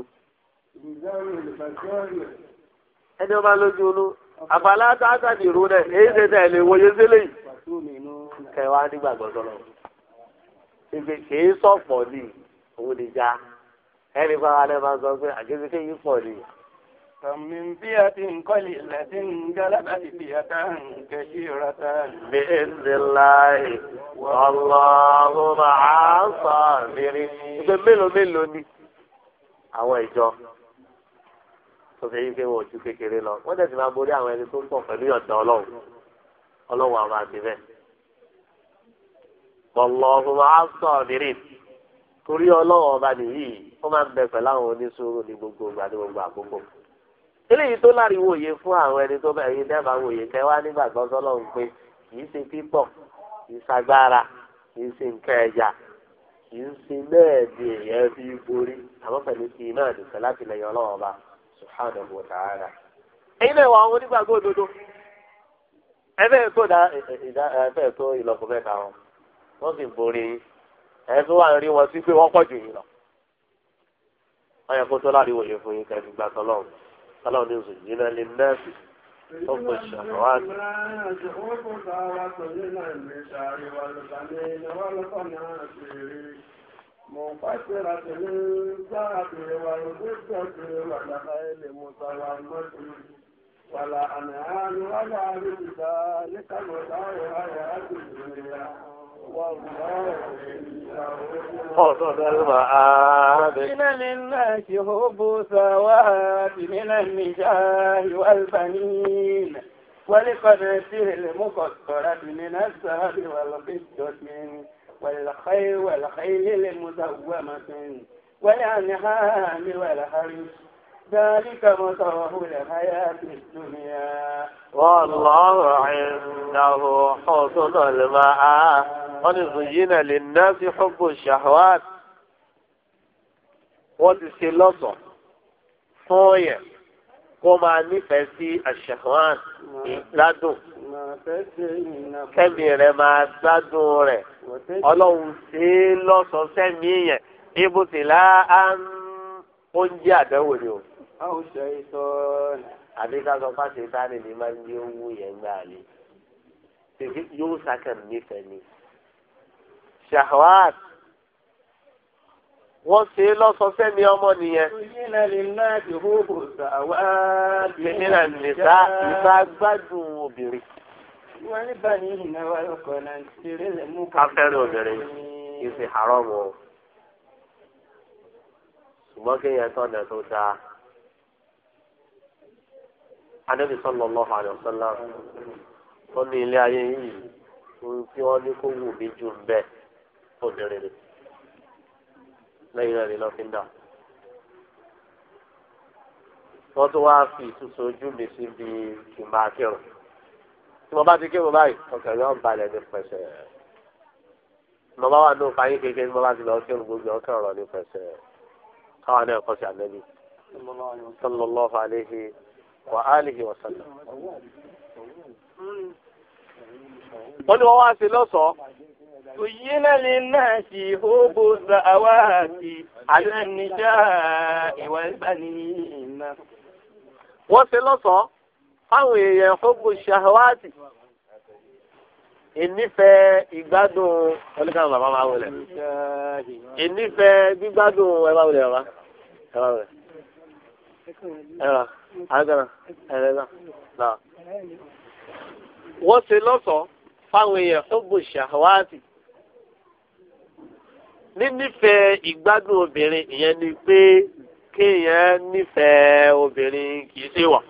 ẹni tó bá lójúnú àbálá tá ní ìrú rẹ̀ èyí ṣe tẹ̀lé wòye sílẹ̀ yìí. kẹwàá nígbàgbọ́ sọ̀rọ̀ ìgbè kìí sọ̀pọ̀ nìyí òun lè já ẹni bá wa máa sọ pé àgézéké yìí pọ̀ ni. فمن فئة قليلة غلبت فئة كثيرة بإذن الله والله مع الصابرين. Ìgbẹ́ mélòó mélòó ni àwọn ìjọ tó fi yí pé wọn ju kékeré lọ. Wọ́n tẹ̀sí máa borí àwọn ẹni tó ń pọ̀ pẹ̀lú ọ̀dọ́ ọlọ́run. Ọlọ́run àwọn àti bẹ́ẹ̀. Wallahu ma'as-sabirin torí ọlọ́wọ́ ọba nìyí ó máa ń bẹ pẹ̀lú àwọn oníṣòro ní gbogbo ìgbà ní gbogbo àkókò. eléyìí tó láriwo yé fún àwọn ẹni tó bẹ̀rẹ̀ yìí dẹ́ba wòye kẹ́ wá nígbà tó sọ́lọ́run pé kìí ṣe pípọ̀ kìí ṣagbára kìí ṣe nǹkan ẹ̀yà kìí ṣe bẹ́ẹ̀ di èèyàn fi borí àmọ́ pẹ̀lú kì í náà láti lẹ́yìn ọlọ́wọ́ ọba subhanahu ẹ̀ wà ń rí wọn sí pé wọ́n pọ̀ jù yìí lọ. wọ́n yẹ kó tó láti wòye fún yín kẹ́ẹ̀fì gbà tọ́lọ́run tọ́lọ́run ní oṣù yìí náà lè nẹ́ẹ̀sì tó pè ṣàkóhán. منفكرة للذات والضدة والخيل متوامة ولا أنعام ولا بذلك متاع الحياة الدنيا قصد المعابد من لله هب سوات من النجاه والبنين ولقناته المقطرة من الذهب والفضة والخيل والخيل المزومة والأنعام والحرث ذلك متره الحياة الدنيا والله عنده حسن المآب قد زين للناس حب الشهوات wọ́n ti ṣe lọ́sọ̀ fún ọ̀yẹ̀ kó máa nífẹ̀ẹ́ sí àṣehàn ládùn kẹ́mi rẹ̀ máa gbádùn rẹ̀ ọlọ́run ṣe é lọ́sọ̀ sẹ́mi yẹn ibùsùn láà ń oúnjẹ àdánwò ni o àwọn ṣe ìtọ́ni àbí ká sọ pé àṣetánì ni máa ń gbé owó yẹn gbà lé tètè yóò sákẹ̀ nífẹ̀ẹ́ ni. shahwat wọ́n ṣe é lọ́sọ̀ọ́sẹ́ mi ọmọ nìyẹn. ìyínà lè ná ìhóhò ṣàwádìí. ìyínà lè sá ìbá gbádùn obìnrin. wọ́n ní bá ní ìhìnà wa lọ́kọ̀ náà ṣeré lè mú. káfẹ́rẹ́ obìnrin kì í ṣe àárọ̀ mọ́ ṣùgbọ́n kéèyàn tọ̀nà tó dáa adébí sallallahu alaihi wasallam ó ní ilé ayé yìí ohun tí wọ́n ní kó wù mí jù ń bẹ obìnrin ni lẹ́yìn rẹ̀ ni lọ fi ń dà wọ́n tún wá fi ìtúsọ ojú mi sí bí kì máa kírun tí mo bá ti kírun báyìí ọkàn yóò balẹ̀ ní pẹ̀sẹ̀ mo bá wà ní òfàyín kékeré tí mo bá ti lọ kírun gbogbo ọkàn rọ̀ ní pẹ̀sẹ̀ káwọn náà kọ́ sí àlẹ́ mi sallallahu alaihi. وآله وسلم wọ́n ní wọ́n wá sí lọ́sọ̀ọ́. زين للناس حب الشهوات على النساء والبنين wọ́n ṣe lọ́sọ̀ọ́ fáwọn èèyàn hubu ṣahawaati ìnífẹ̀ ìgbádùn oníkàwọn bàbá máa wọlé ìnífẹ̀ gbígbádùn ẹ máa wọlé bàbá ẹ máa wọlé ẹ máa àgàrà ẹ̀rẹ́dà náà. wọ́n ṣe lọ́sọ̀ọ́ fáwọn èèyàn hubbu shahawati nínífẹ̀ẹ́ ìgbádùn obìnrin ìyẹn ni pé kéèyàn nífẹ̀ẹ́ obìnrin kì í ṣe wà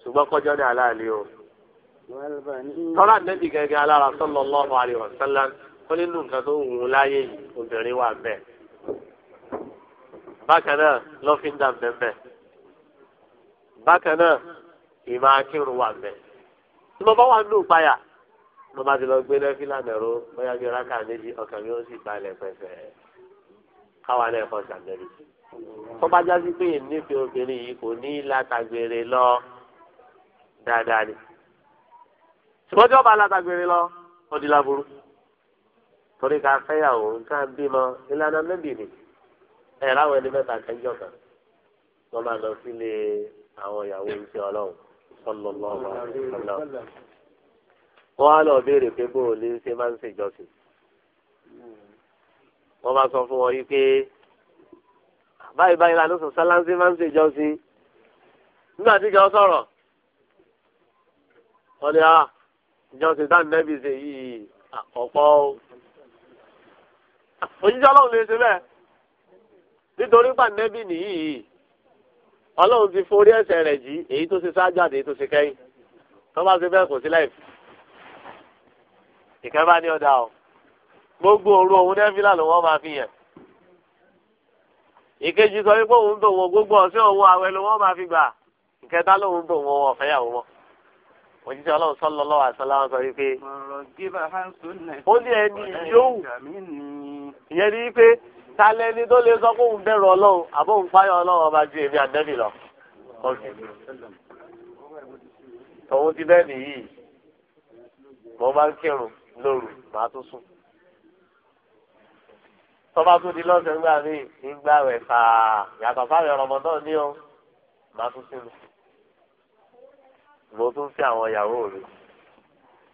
ṣùgbọ́n kọjọ́ ní aláàlẹ́ o. tọ́lá nẹ́bí gẹ́gẹ́ alára sallallahu alaihi wasallam ó nínú nǹkan tó wù ú láyé obìnrin wà bẹ́ẹ̀. bákan náà lọ́fíńdà bẹ́ẹ̀ bẹ́ẹ̀ bákan náà ìmọ̀ akírun wà mẹ́. tí mo bá wà nínú ìpayà mo bá ti lọ gbé lẹ́fílà mẹ́rọ bóyá bí rákà méjì ọkàn mi ó sì balẹ̀ pẹ̀fẹ̀ káwa náà kọ́ sàmẹ́rì. tó bá jásí pé ìnífẹ̀ obìnrin yìí kò ní látàgbèrè lọ dáadáa ni. ṣùgbọ́n tí wọ́n bá látàgbèrè lọ wọ́n di láburú. torí ká fẹ́yàwó nǹkan bímọ ìlànà mẹ́bìnrin ẹ̀ ẹni mẹ́ta kẹ́ńjọ́ kan wọ́n máa lọ sílé àwọn ìyàwó iṣẹ́ ọlọ́run sọlọ́lọ́ wọ́n á lọ béèrè pé bó o lè ṣe máa ń ṣèjọsìn wọ́n bá sọ fún wọn yìí pé báyìí báyìí lànà sọ sálánsì máa ń ṣèjọsìn nígbà tí kò sọ̀rọ̀ wọ́n ní ìjọsìn táwọn nẹ́bí ṣe yìí ọ̀pọ̀ o ọlọ́run lè ṣe bẹ́ẹ̀ nítorí pàǹdẹ́bì nìyí yìí ọlọ́run ti forí ẹ̀ṣẹ̀ rẹ̀ jì èyí tó ṣe ṣáájú àti èyí tó ṣe kẹ́yìn tó bá ṣe bẹ́ẹ̀ kò sí láì ìkẹ́ bá ní ọ̀dà o gbogbo òru òun nẹ́fìlà ló wọ́n máa fi yẹn ìkejì sọ wípé òun tó wọn gbogbo ọ̀sẹ̀ òun àwẹ̀ ló wọ́n máa fi gbà ìkẹta lòun tó wọn ọ̀fẹ́ yàwó wọn òjíṣẹ́ ọlọ́run sọ́lọ́ lọ́wọ́ àṣọlá wọn sọ wípé ó ní ẹni yóò talẹ ni tó lè sọ pé òun bẹ̀rù Ọlọ́run àbó òun fáyọ Ọlọ́run ọba ju èmi àdẹbì lọ tòun ti bẹ́ẹ̀ nìyí mo máa ń kírun lóru màá tún sùn tọ́ba tún di lọ́sẹ̀ ńgbà mí nígbà rẹ̀ fàá yàtọ̀ fáwọn ọ̀rọ̀mọ náà ní o màá tún sínú mo tún fi àwọn ìyàwó rẹ̀.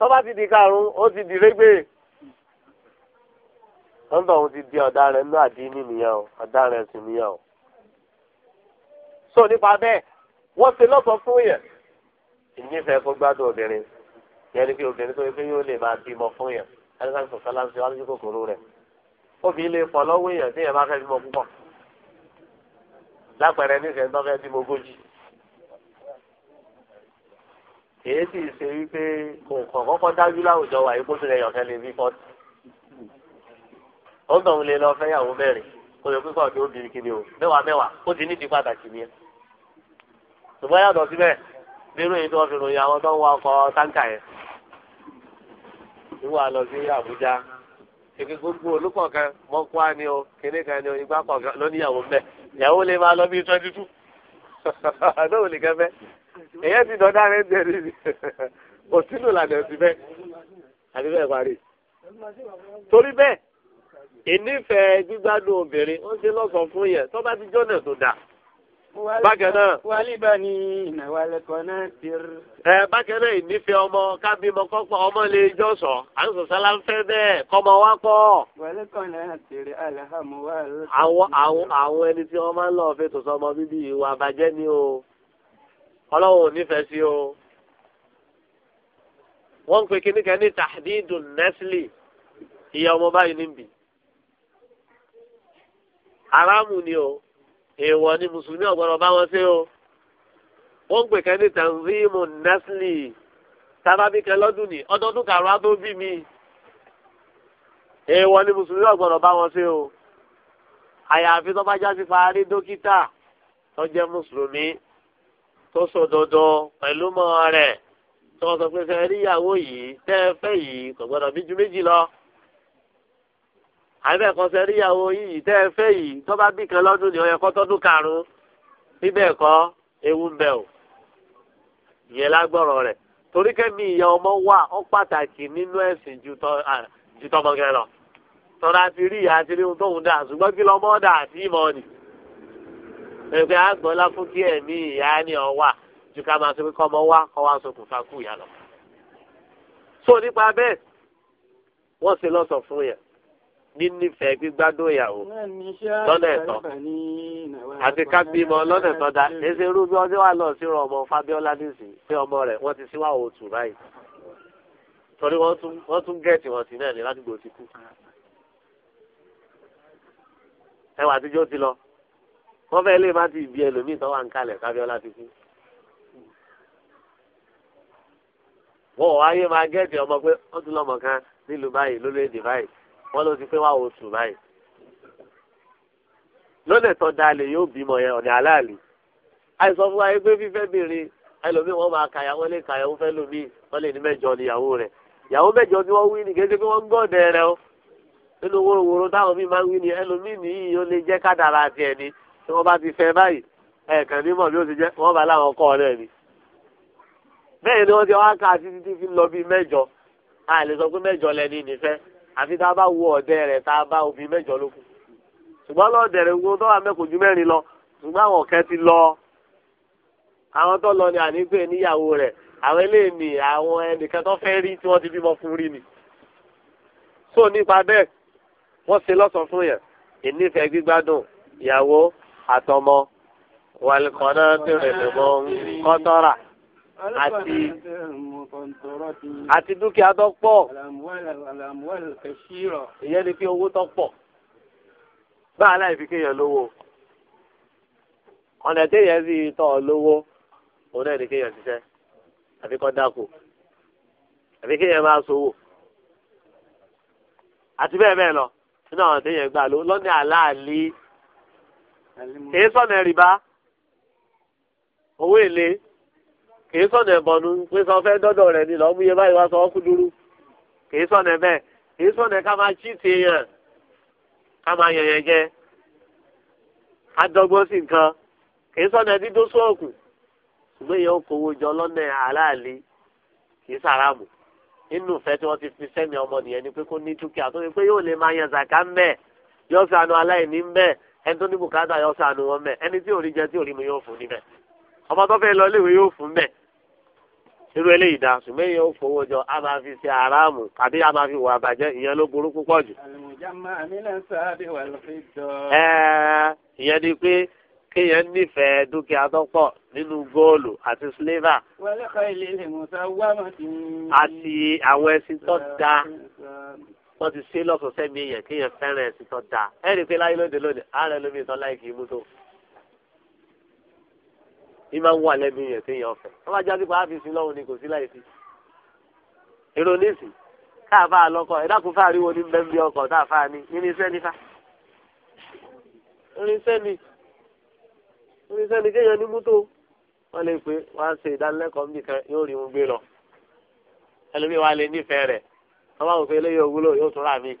tọ́ba ti di karùn-ún ó ti di régbè lọ́ńdọ̀ òun ti di ọ̀daràn inú àdínì nìyẹn o ọ̀daràn ẹ̀sìn nìyẹn o. sọ nípa bẹ́ẹ̀ wọ́n ṣe lọ́sọ̀ fún yẹn ìnífẹ̀ẹ́ kó gbádùn obìnrin yẹn ni pé obìnrin tó yẹ pé yóò lè máa bímọ fún yẹn alẹ́sàn sọ̀tà láti wá lójú kòkòrò rẹ̀ obìnrin lè fọ̀ lọ́wọ́ èèyàn tí yẹn bá fẹ́ bímọ púpọ̀ lápẹẹrẹ nífẹ̀ẹ́ èyí sì ṣe wípé kò kàn kọ́kọ́ dájú láwùjọ wà yìí kó tilẹ̀ yọ̀kẹ́ lè fi fọ́tì. ó gbọ̀n lè lọ fẹ́ yàwó mẹ́rin kó lè pípọ̀ kí ó bìrì kí ni o mẹ́wàá mẹ́wàá ó ti nídìí pàtàkì ni ẹ. ṣùgbọ́n yàtọ̀ síbẹ̀ nínú èyí tí wọ́n fi ròyìn àwọn tó ń wa ọkọ̀ táǹkà yẹn. ìwà lọ sí Àbújá èké gbogbo olùkọ̀ọ̀kan mọ́kúá ni o kéde kan ni o igbá kọ̀ọ̀kan lóníyàwó mẹ́ ìyàwó lè èyẹ ti dọ̀dá rẹ̀ ń tẹ̀lé ni kò sínú ìlànà ẹ̀sìn bẹ́ẹ̀ àti bẹ́ẹ̀ parí. torí bẹ́ẹ̀ ìnífẹ̀ẹ́ gbígbádùn obìnrin ó ṣe lọ́sàn-án fún yẹn tó bá ti jọ́nà tó dáa bákan náà. wàlíbà ni ìnáwó alẹ́kọ̀ọ́ náà ti rí. ẹ bákan náà ìnífẹ̀ẹ́ ọmọ kábímọ kọ́pọ̀ ọmọ lè jọ̀sọ̀ àǹsọ̀ sálá ń fẹ́ bẹ́ẹ̀ kọ́mọ wá pọ̀. wàlẹ́kọ̀ọ́ náà ti rí alhamu wa. àwọn àwọn ẹni tí wọ́n máa ń lọ fẹ́ tòṣọ́ ọmọ bíbí ìwà àbàjẹ́ ni o ọlọ́run ò nífẹ̀ẹ́ sí o wọ́n ń pe kíní kan ní tahdidu nẹ́sílì ìyá ọmọ báyìí níbi haramu ni o èèwọ̀ ni mùsùlùmí ọ̀gbọ́dọ̀ bá wọn ṣe o wọ́n ń pe kan ní tanzimu nẹ́sílì tábàbíkẹ́ lọ́dún ni ọdọọdún kàrọ́ á tó bí mi èèwọ̀ ni mùsùlùmí ọ̀gbọ́dọ̀ bá wọn ṣe o àyàfi tó bá já sí dókítà tó mùsùlùmí. tó dandan pẹ̀lú mọ́ rẹ̀ tó sọ pé fẹ́ rí ìyàwó yìí tẹ́ ẹ kò gbọ́dọ̀ bí méjì lọ. àbẹ̀ kan fẹ́ rí ìyàwó yìí tẹ́ ẹ fẹ́ yìí tó bá bí kan lọ́dún ni ó yẹ tọ́dún karùn-ún bíbẹ̀ kọ́ wà ó pàtàkì nínú ẹ̀sìn ju lọ ti rí ìyá ti rí ohun dà ṣùgbọ́n kí lọ́mọ́ pẹ̀lú àgbọ̀lá fún kí ẹ̀mí ìyá ni ọ wà ju ká máa sọ kọ́ ọmọ wá kọ́ wá ṣokùnfà kú ìyá lọ. so nípa bẹ́ẹ̀ wọ́n ṣe lọ́sọ̀ fún yẹn nínífẹ̀ẹ́ gbígbádùn ìyàwó lọ́nà ẹ̀tọ́ àti ká bímọ lọ́nà ẹ̀tọ́ da ẹsẹ̀ irú bí wọ́n ti wà lọ sí ọmọ Fabiola nísì pé ọmọ rẹ̀ wọ́n ti síwá òtù báyìí torí wọ́n tún gẹ̀ẹ́tì wọn sí náà ní ládùúgbò ti kú ẹwà àtijọ́ ti lọ wọ́n fẹ́ lè má ti bí ẹlòmíì tó wà ń kalẹ̀ kábíọ́lá ti kú. wọ́n ò máa gẹ́ẹ̀tì ọmọ pé ó lọ́mọ kan nílùú báyìí lórílẹ̀‐èdè báyìí wọ́n ló ti pé wá oṣù báyìí. lónìí tó yóò bímọ yẹn ọ̀nà aláàlì. àìsàn fún wa yẹn pé fífẹ́ bìnrin ẹlòmíì wọ́n máa kàyà wọ́n lè kàyà wọ́n fẹ́ wọ́n lè ní mẹ́jọ rẹ̀. ìyàwó mẹ́jọ ni wọ́n wí o. nínú wóró wóró táwọn míì tí wọ́n bá ti fẹ́ báyìí ẹ̀ẹ̀kan nímọ̀ bí ó ti jẹ́ wọ́n bá láwọn kọ́ ọ náà ni. bẹ́ẹ̀ ni wọ́n ti wá ká títí tí fi lọ bíi mẹ́jọ a lè sọ pé mẹ́jọ lẹni nífẹ̀ àfi tá a bá wo ọ̀dẹ rẹ̀ tá a bá obì mẹ́jọ lókun. ṣùgbọ́n lọ́ọ̀dẹ rẹ̀ wo tó wà mẹ́kò ju mẹ́rin lọ ṣùgbọ́n àwọn ọ̀kẹ́ ti lọ àwọn tó lọ ni àní pé níyàwó rẹ̀ àwọn eléyìí ni àwọn ẹnìkan tó fẹ́ rí tí wọ́n ti bímọ fún rí ni. so nípa bẹ́ẹ̀ wọ́n ṣe lọ́sàn fún yẹn ìnífẹ̀ẹ́ gbígbádùn ìyàwó àtọmọ wàlùkọ́nà tẹ̀rẹ̀ lọ́mọ kọ́tọ́rà àti àti dúkìá tó pọ̀ ìyẹn ni pé owó tó pọ̀ bá aláìfi kéèyàn lówó ọ̀nà téèyàn sì tọ̀ lówó òun náà ni kéèyàn ṣiṣẹ́ àbí kọ́ dáko àbí kéèyàn máa sowó àti bẹ́ẹ̀ bẹ́ẹ̀ lọ nínú àwọn téèyàn gbà lọ́nà àlàálí kìí sọ̀nà ẹ̀rìbá owó èlé kìí sọ̀nà ẹ̀bọ̀nù pé sọ fẹ́ dọ́dọ̀ rẹ̀ ni lọ́mú iye báyìí wá sọ ọ́ kú dúró kìí sọ̀nà ẹ̀bẹ̀ kìí sọ̀nà ká máa chí ti yàn ká máa yẹ̀yẹ̀ jẹ adọ́gbọ́n sí nǹkan kìí sọ̀nà dídó sóòkù ṣùgbọ́n èèyàn kówó jọ lọ́nà àláàlí kìí sàràmù nínú ìfẹ́ tí wọ́n ti fi sẹ́mi ọmọ nìyẹn ni pé kó ní dúkìá tó ní pé yóò lè máa yan zàká ń bẹ́ẹ̀ yóò fi àánú aláìní ń bẹ́ẹ̀ ẹni tó ní bùkátà yọ sànù wọn mẹ ẹni tí òrí jẹ tí òrí mu yóò fún níbẹ̀ ọmọ tó fẹ́ lọ iléèwé yóò fún bẹ irú eléyìí dá ṣùgbọ́n èèyàn ó fowó jọ a máa fi ṣe aráàmù àbí a máa fi wà bàjẹ́ ìyẹn ló burú púpọ̀ jù. ìyẹn ni pé kéèyàn nífẹ̀ẹ́ dúkìá tó pọ̀ nínú góòlù àti sílẹ́fà. àti àwọn ẹṣin tó dáa wọ́n ti ṣe lọ́sọ̀ọ́sẹ́ mi yẹn kéèyàn fẹ́ràn ẹ̀sìn tó dáa ẹ̀rí pé láyé lóde lónìí ààrẹ lómi ìtàn láì kì í mú tó. ní máa ń wà lẹ́mí yẹn kéèyàn ọ̀fẹ́ wọ́n bá jáde pa áfíìsì lọ́wọ́ ni kò sí láì sí. èrò níìsì káàbá àlọ́kọ̀ ẹ̀dá kò fáà ríwo ní bẹ́ẹ̀bí ọkọ̀ tá a fáà ní nífà. irinṣẹ́ kéèyàn ní mú tó wọ́n lè pé wọ́n ṣe ìdánilẹ́kọ̀ọ́ wọ́n bá eléyìí òwúlò yóò tún rà mí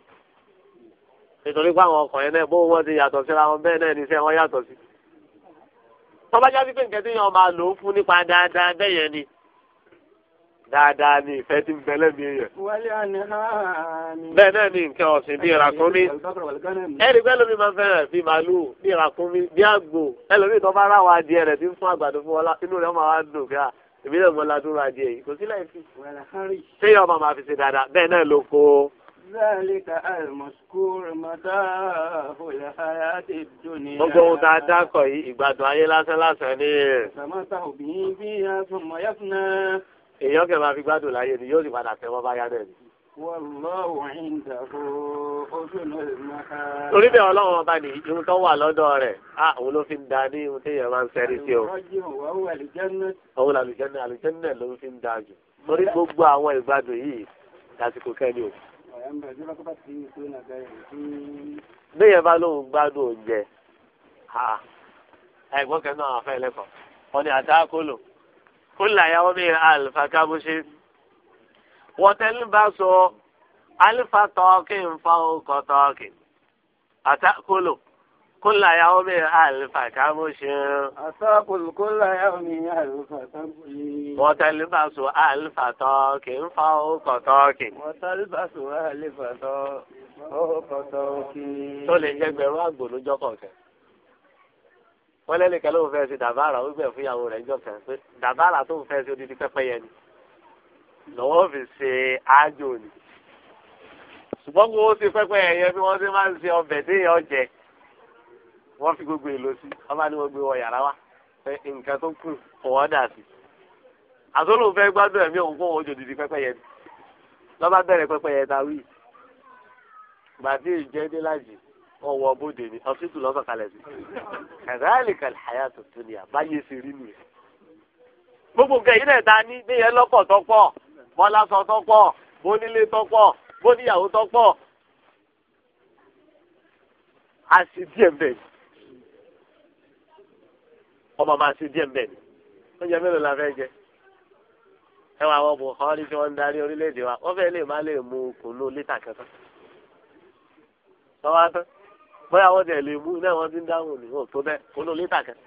nítorí pé àwọn ọkọ̀ yẹn náà bó wọ́n ti yàtọ̀ síra wọn bẹ́ẹ̀ náà níṣẹ́ wọn yàtọ̀ sí. tó bá jáde pé nǹkan tí yẹn máa lò ó fún nípa dáadáa bẹ́ẹ̀ yẹn ni dáadáa ni ìfẹ́ ti ń bẹ lẹ́mìí yẹn. bẹ́ẹ̀ náà ni nǹkan ọ̀sìn bíi ìràkúnmí ẹ̀rí pé lómi máa ń fẹ́ràn bíi màlúù bíi ìràkúnmí bíi àgbò ẹlòmíì tó bá ráwọ̀ adìẹ rẹ̀ èmi náà mọ ládùúrà adìẹ yìí kò sí láì fi. ṣé yọ ọmọ máa fi ṣe dáadáa bẹ́ẹ̀ náà ló kó. zálíkà àìmọ̀sùkúrò mọ́tà òlà àyàtì dùnìyà. gbogbo ohun tá a dákọ̀ yìí ìgbádùn ayé lásán lásán ni. sàmọ́tà òbí bí a fún mọ́yá fún náà. èèyàn kẹ́ máa fi gbádùn láyé ni yóò sì padà tẹ́wọ́ bá yá náà ni torí bẹ́ẹ̀ ọlọ́run ọba ní irun tó wà lọ́dọ̀ rẹ̀ á òun ló fi ń da ní irun téèyàn máa ń sẹ́rí sí o. òun àlùjẹ́nà àlùjẹ́nà ló fi ń da jù torí gbogbo àwọn ìgbádùn yìí lásìkò kẹ́ni o. béèyàn bá lóun gbádùn oúnjẹ ẹ̀gbọ́n kẹ́ni àwọn afẹ́ ẹlẹ́kọ̀ọ́ wọn ni àtàkùn lò kó làyàwó mi àlùfáà kábúṣe wọ́tẹ́lbàṣọ alifa tọ́ọ̀kì ń fa ọkọ̀ tọ́ọ̀kì àtàkùlù kúlà yà ó mi alifa kàmúṣe. àtàkùlù kúlà yà ó mi alifa kàmúṣe. wọ́tẹ́lbàṣọ alifa tọ́ọ̀kì ń fa ọkọ̀ tọ́ọ̀kì. wọ́tẹ́lbàṣọ alifa tọ́ọ̀kì. tó lè jẹ gbẹrún àgbò lójọ́ kọ̀ọ̀kan wọ́n lẹ́nìkan ló ń fẹ́ ṣe dàbàrà ó gbẹ̀ fúnyàwó rẹ̀ jọ kàn pé dàbàrà tó ń fẹ́ ṣe odidi pẹ́pẹ́yẹ ni lọ́wọ́ fi ṣe ájò ni ṣùgbọ́n kó o ti pẹ́pẹ́ ẹ̀yẹ bí wọ́n ṣe máa ń ṣe ọbẹ̀ déèyàn jẹ wọ́n fi gbogbo èlò sí ọba ni wọ́n gbé wọ yàrá wa nǹkan tó kù ọ̀wọ́n dà sí àtọ́lù fẹ́ gbádùn ẹ̀mí òun kó òun jò dìdí pẹ́pẹ́ yẹn lọ́ba bẹ̀rẹ̀ pẹ́pẹ́ yẹn ta wí gbàdí ìjẹ́ dé lájì wọ́n wọ bóde ni ọ̀sìtù lọ́sọ̀ kalẹ̀ sí kàdáàlì kàlẹ̀ àyà tuntun ni àbáyé ṣe rí nìyẹn gbogbo nǹkan náà ta ní bí yẹn lọ́pọ̀ tó pọ̀ bó lásán tó pọ̀ bó nílé tó pọ̀ bó níyàwó tó pọ̀ a sì díẹ̀ bẹ́ẹ̀ ọmọ máa sì díẹ̀ bẹ́ẹ̀ oúnjẹ mélòó la fẹ́ jẹ ẹ wà wọ́n Buhari tí wọ́n ń darí orílẹ̀-èdè wa wọ́n fẹ́ lè má lè mú kùnú lítà kankan lọ́wọ́ tán bóyá wọ́n tẹ̀ lè mú iná wọn ti ń dáhùn ní òtó bẹ́ẹ̀ kùnú lítà kan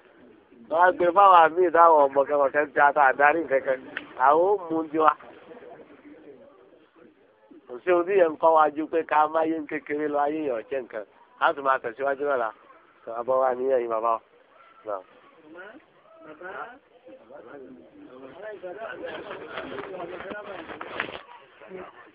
lọ́wọ́ gbé fáwọn àmì ìdáhùn ọmọ ti ata àdarí àwọn ò mú un tiwa kò sí yẹn kọ́ wájú pé ká má yé kékeré lọ ayé yẹn ọ̀jẹ̀ nǹkan á tún máa tẹ̀síwájú lọ́la àbọ̀ wa níyẹn yìí bàbá wa. Thank you.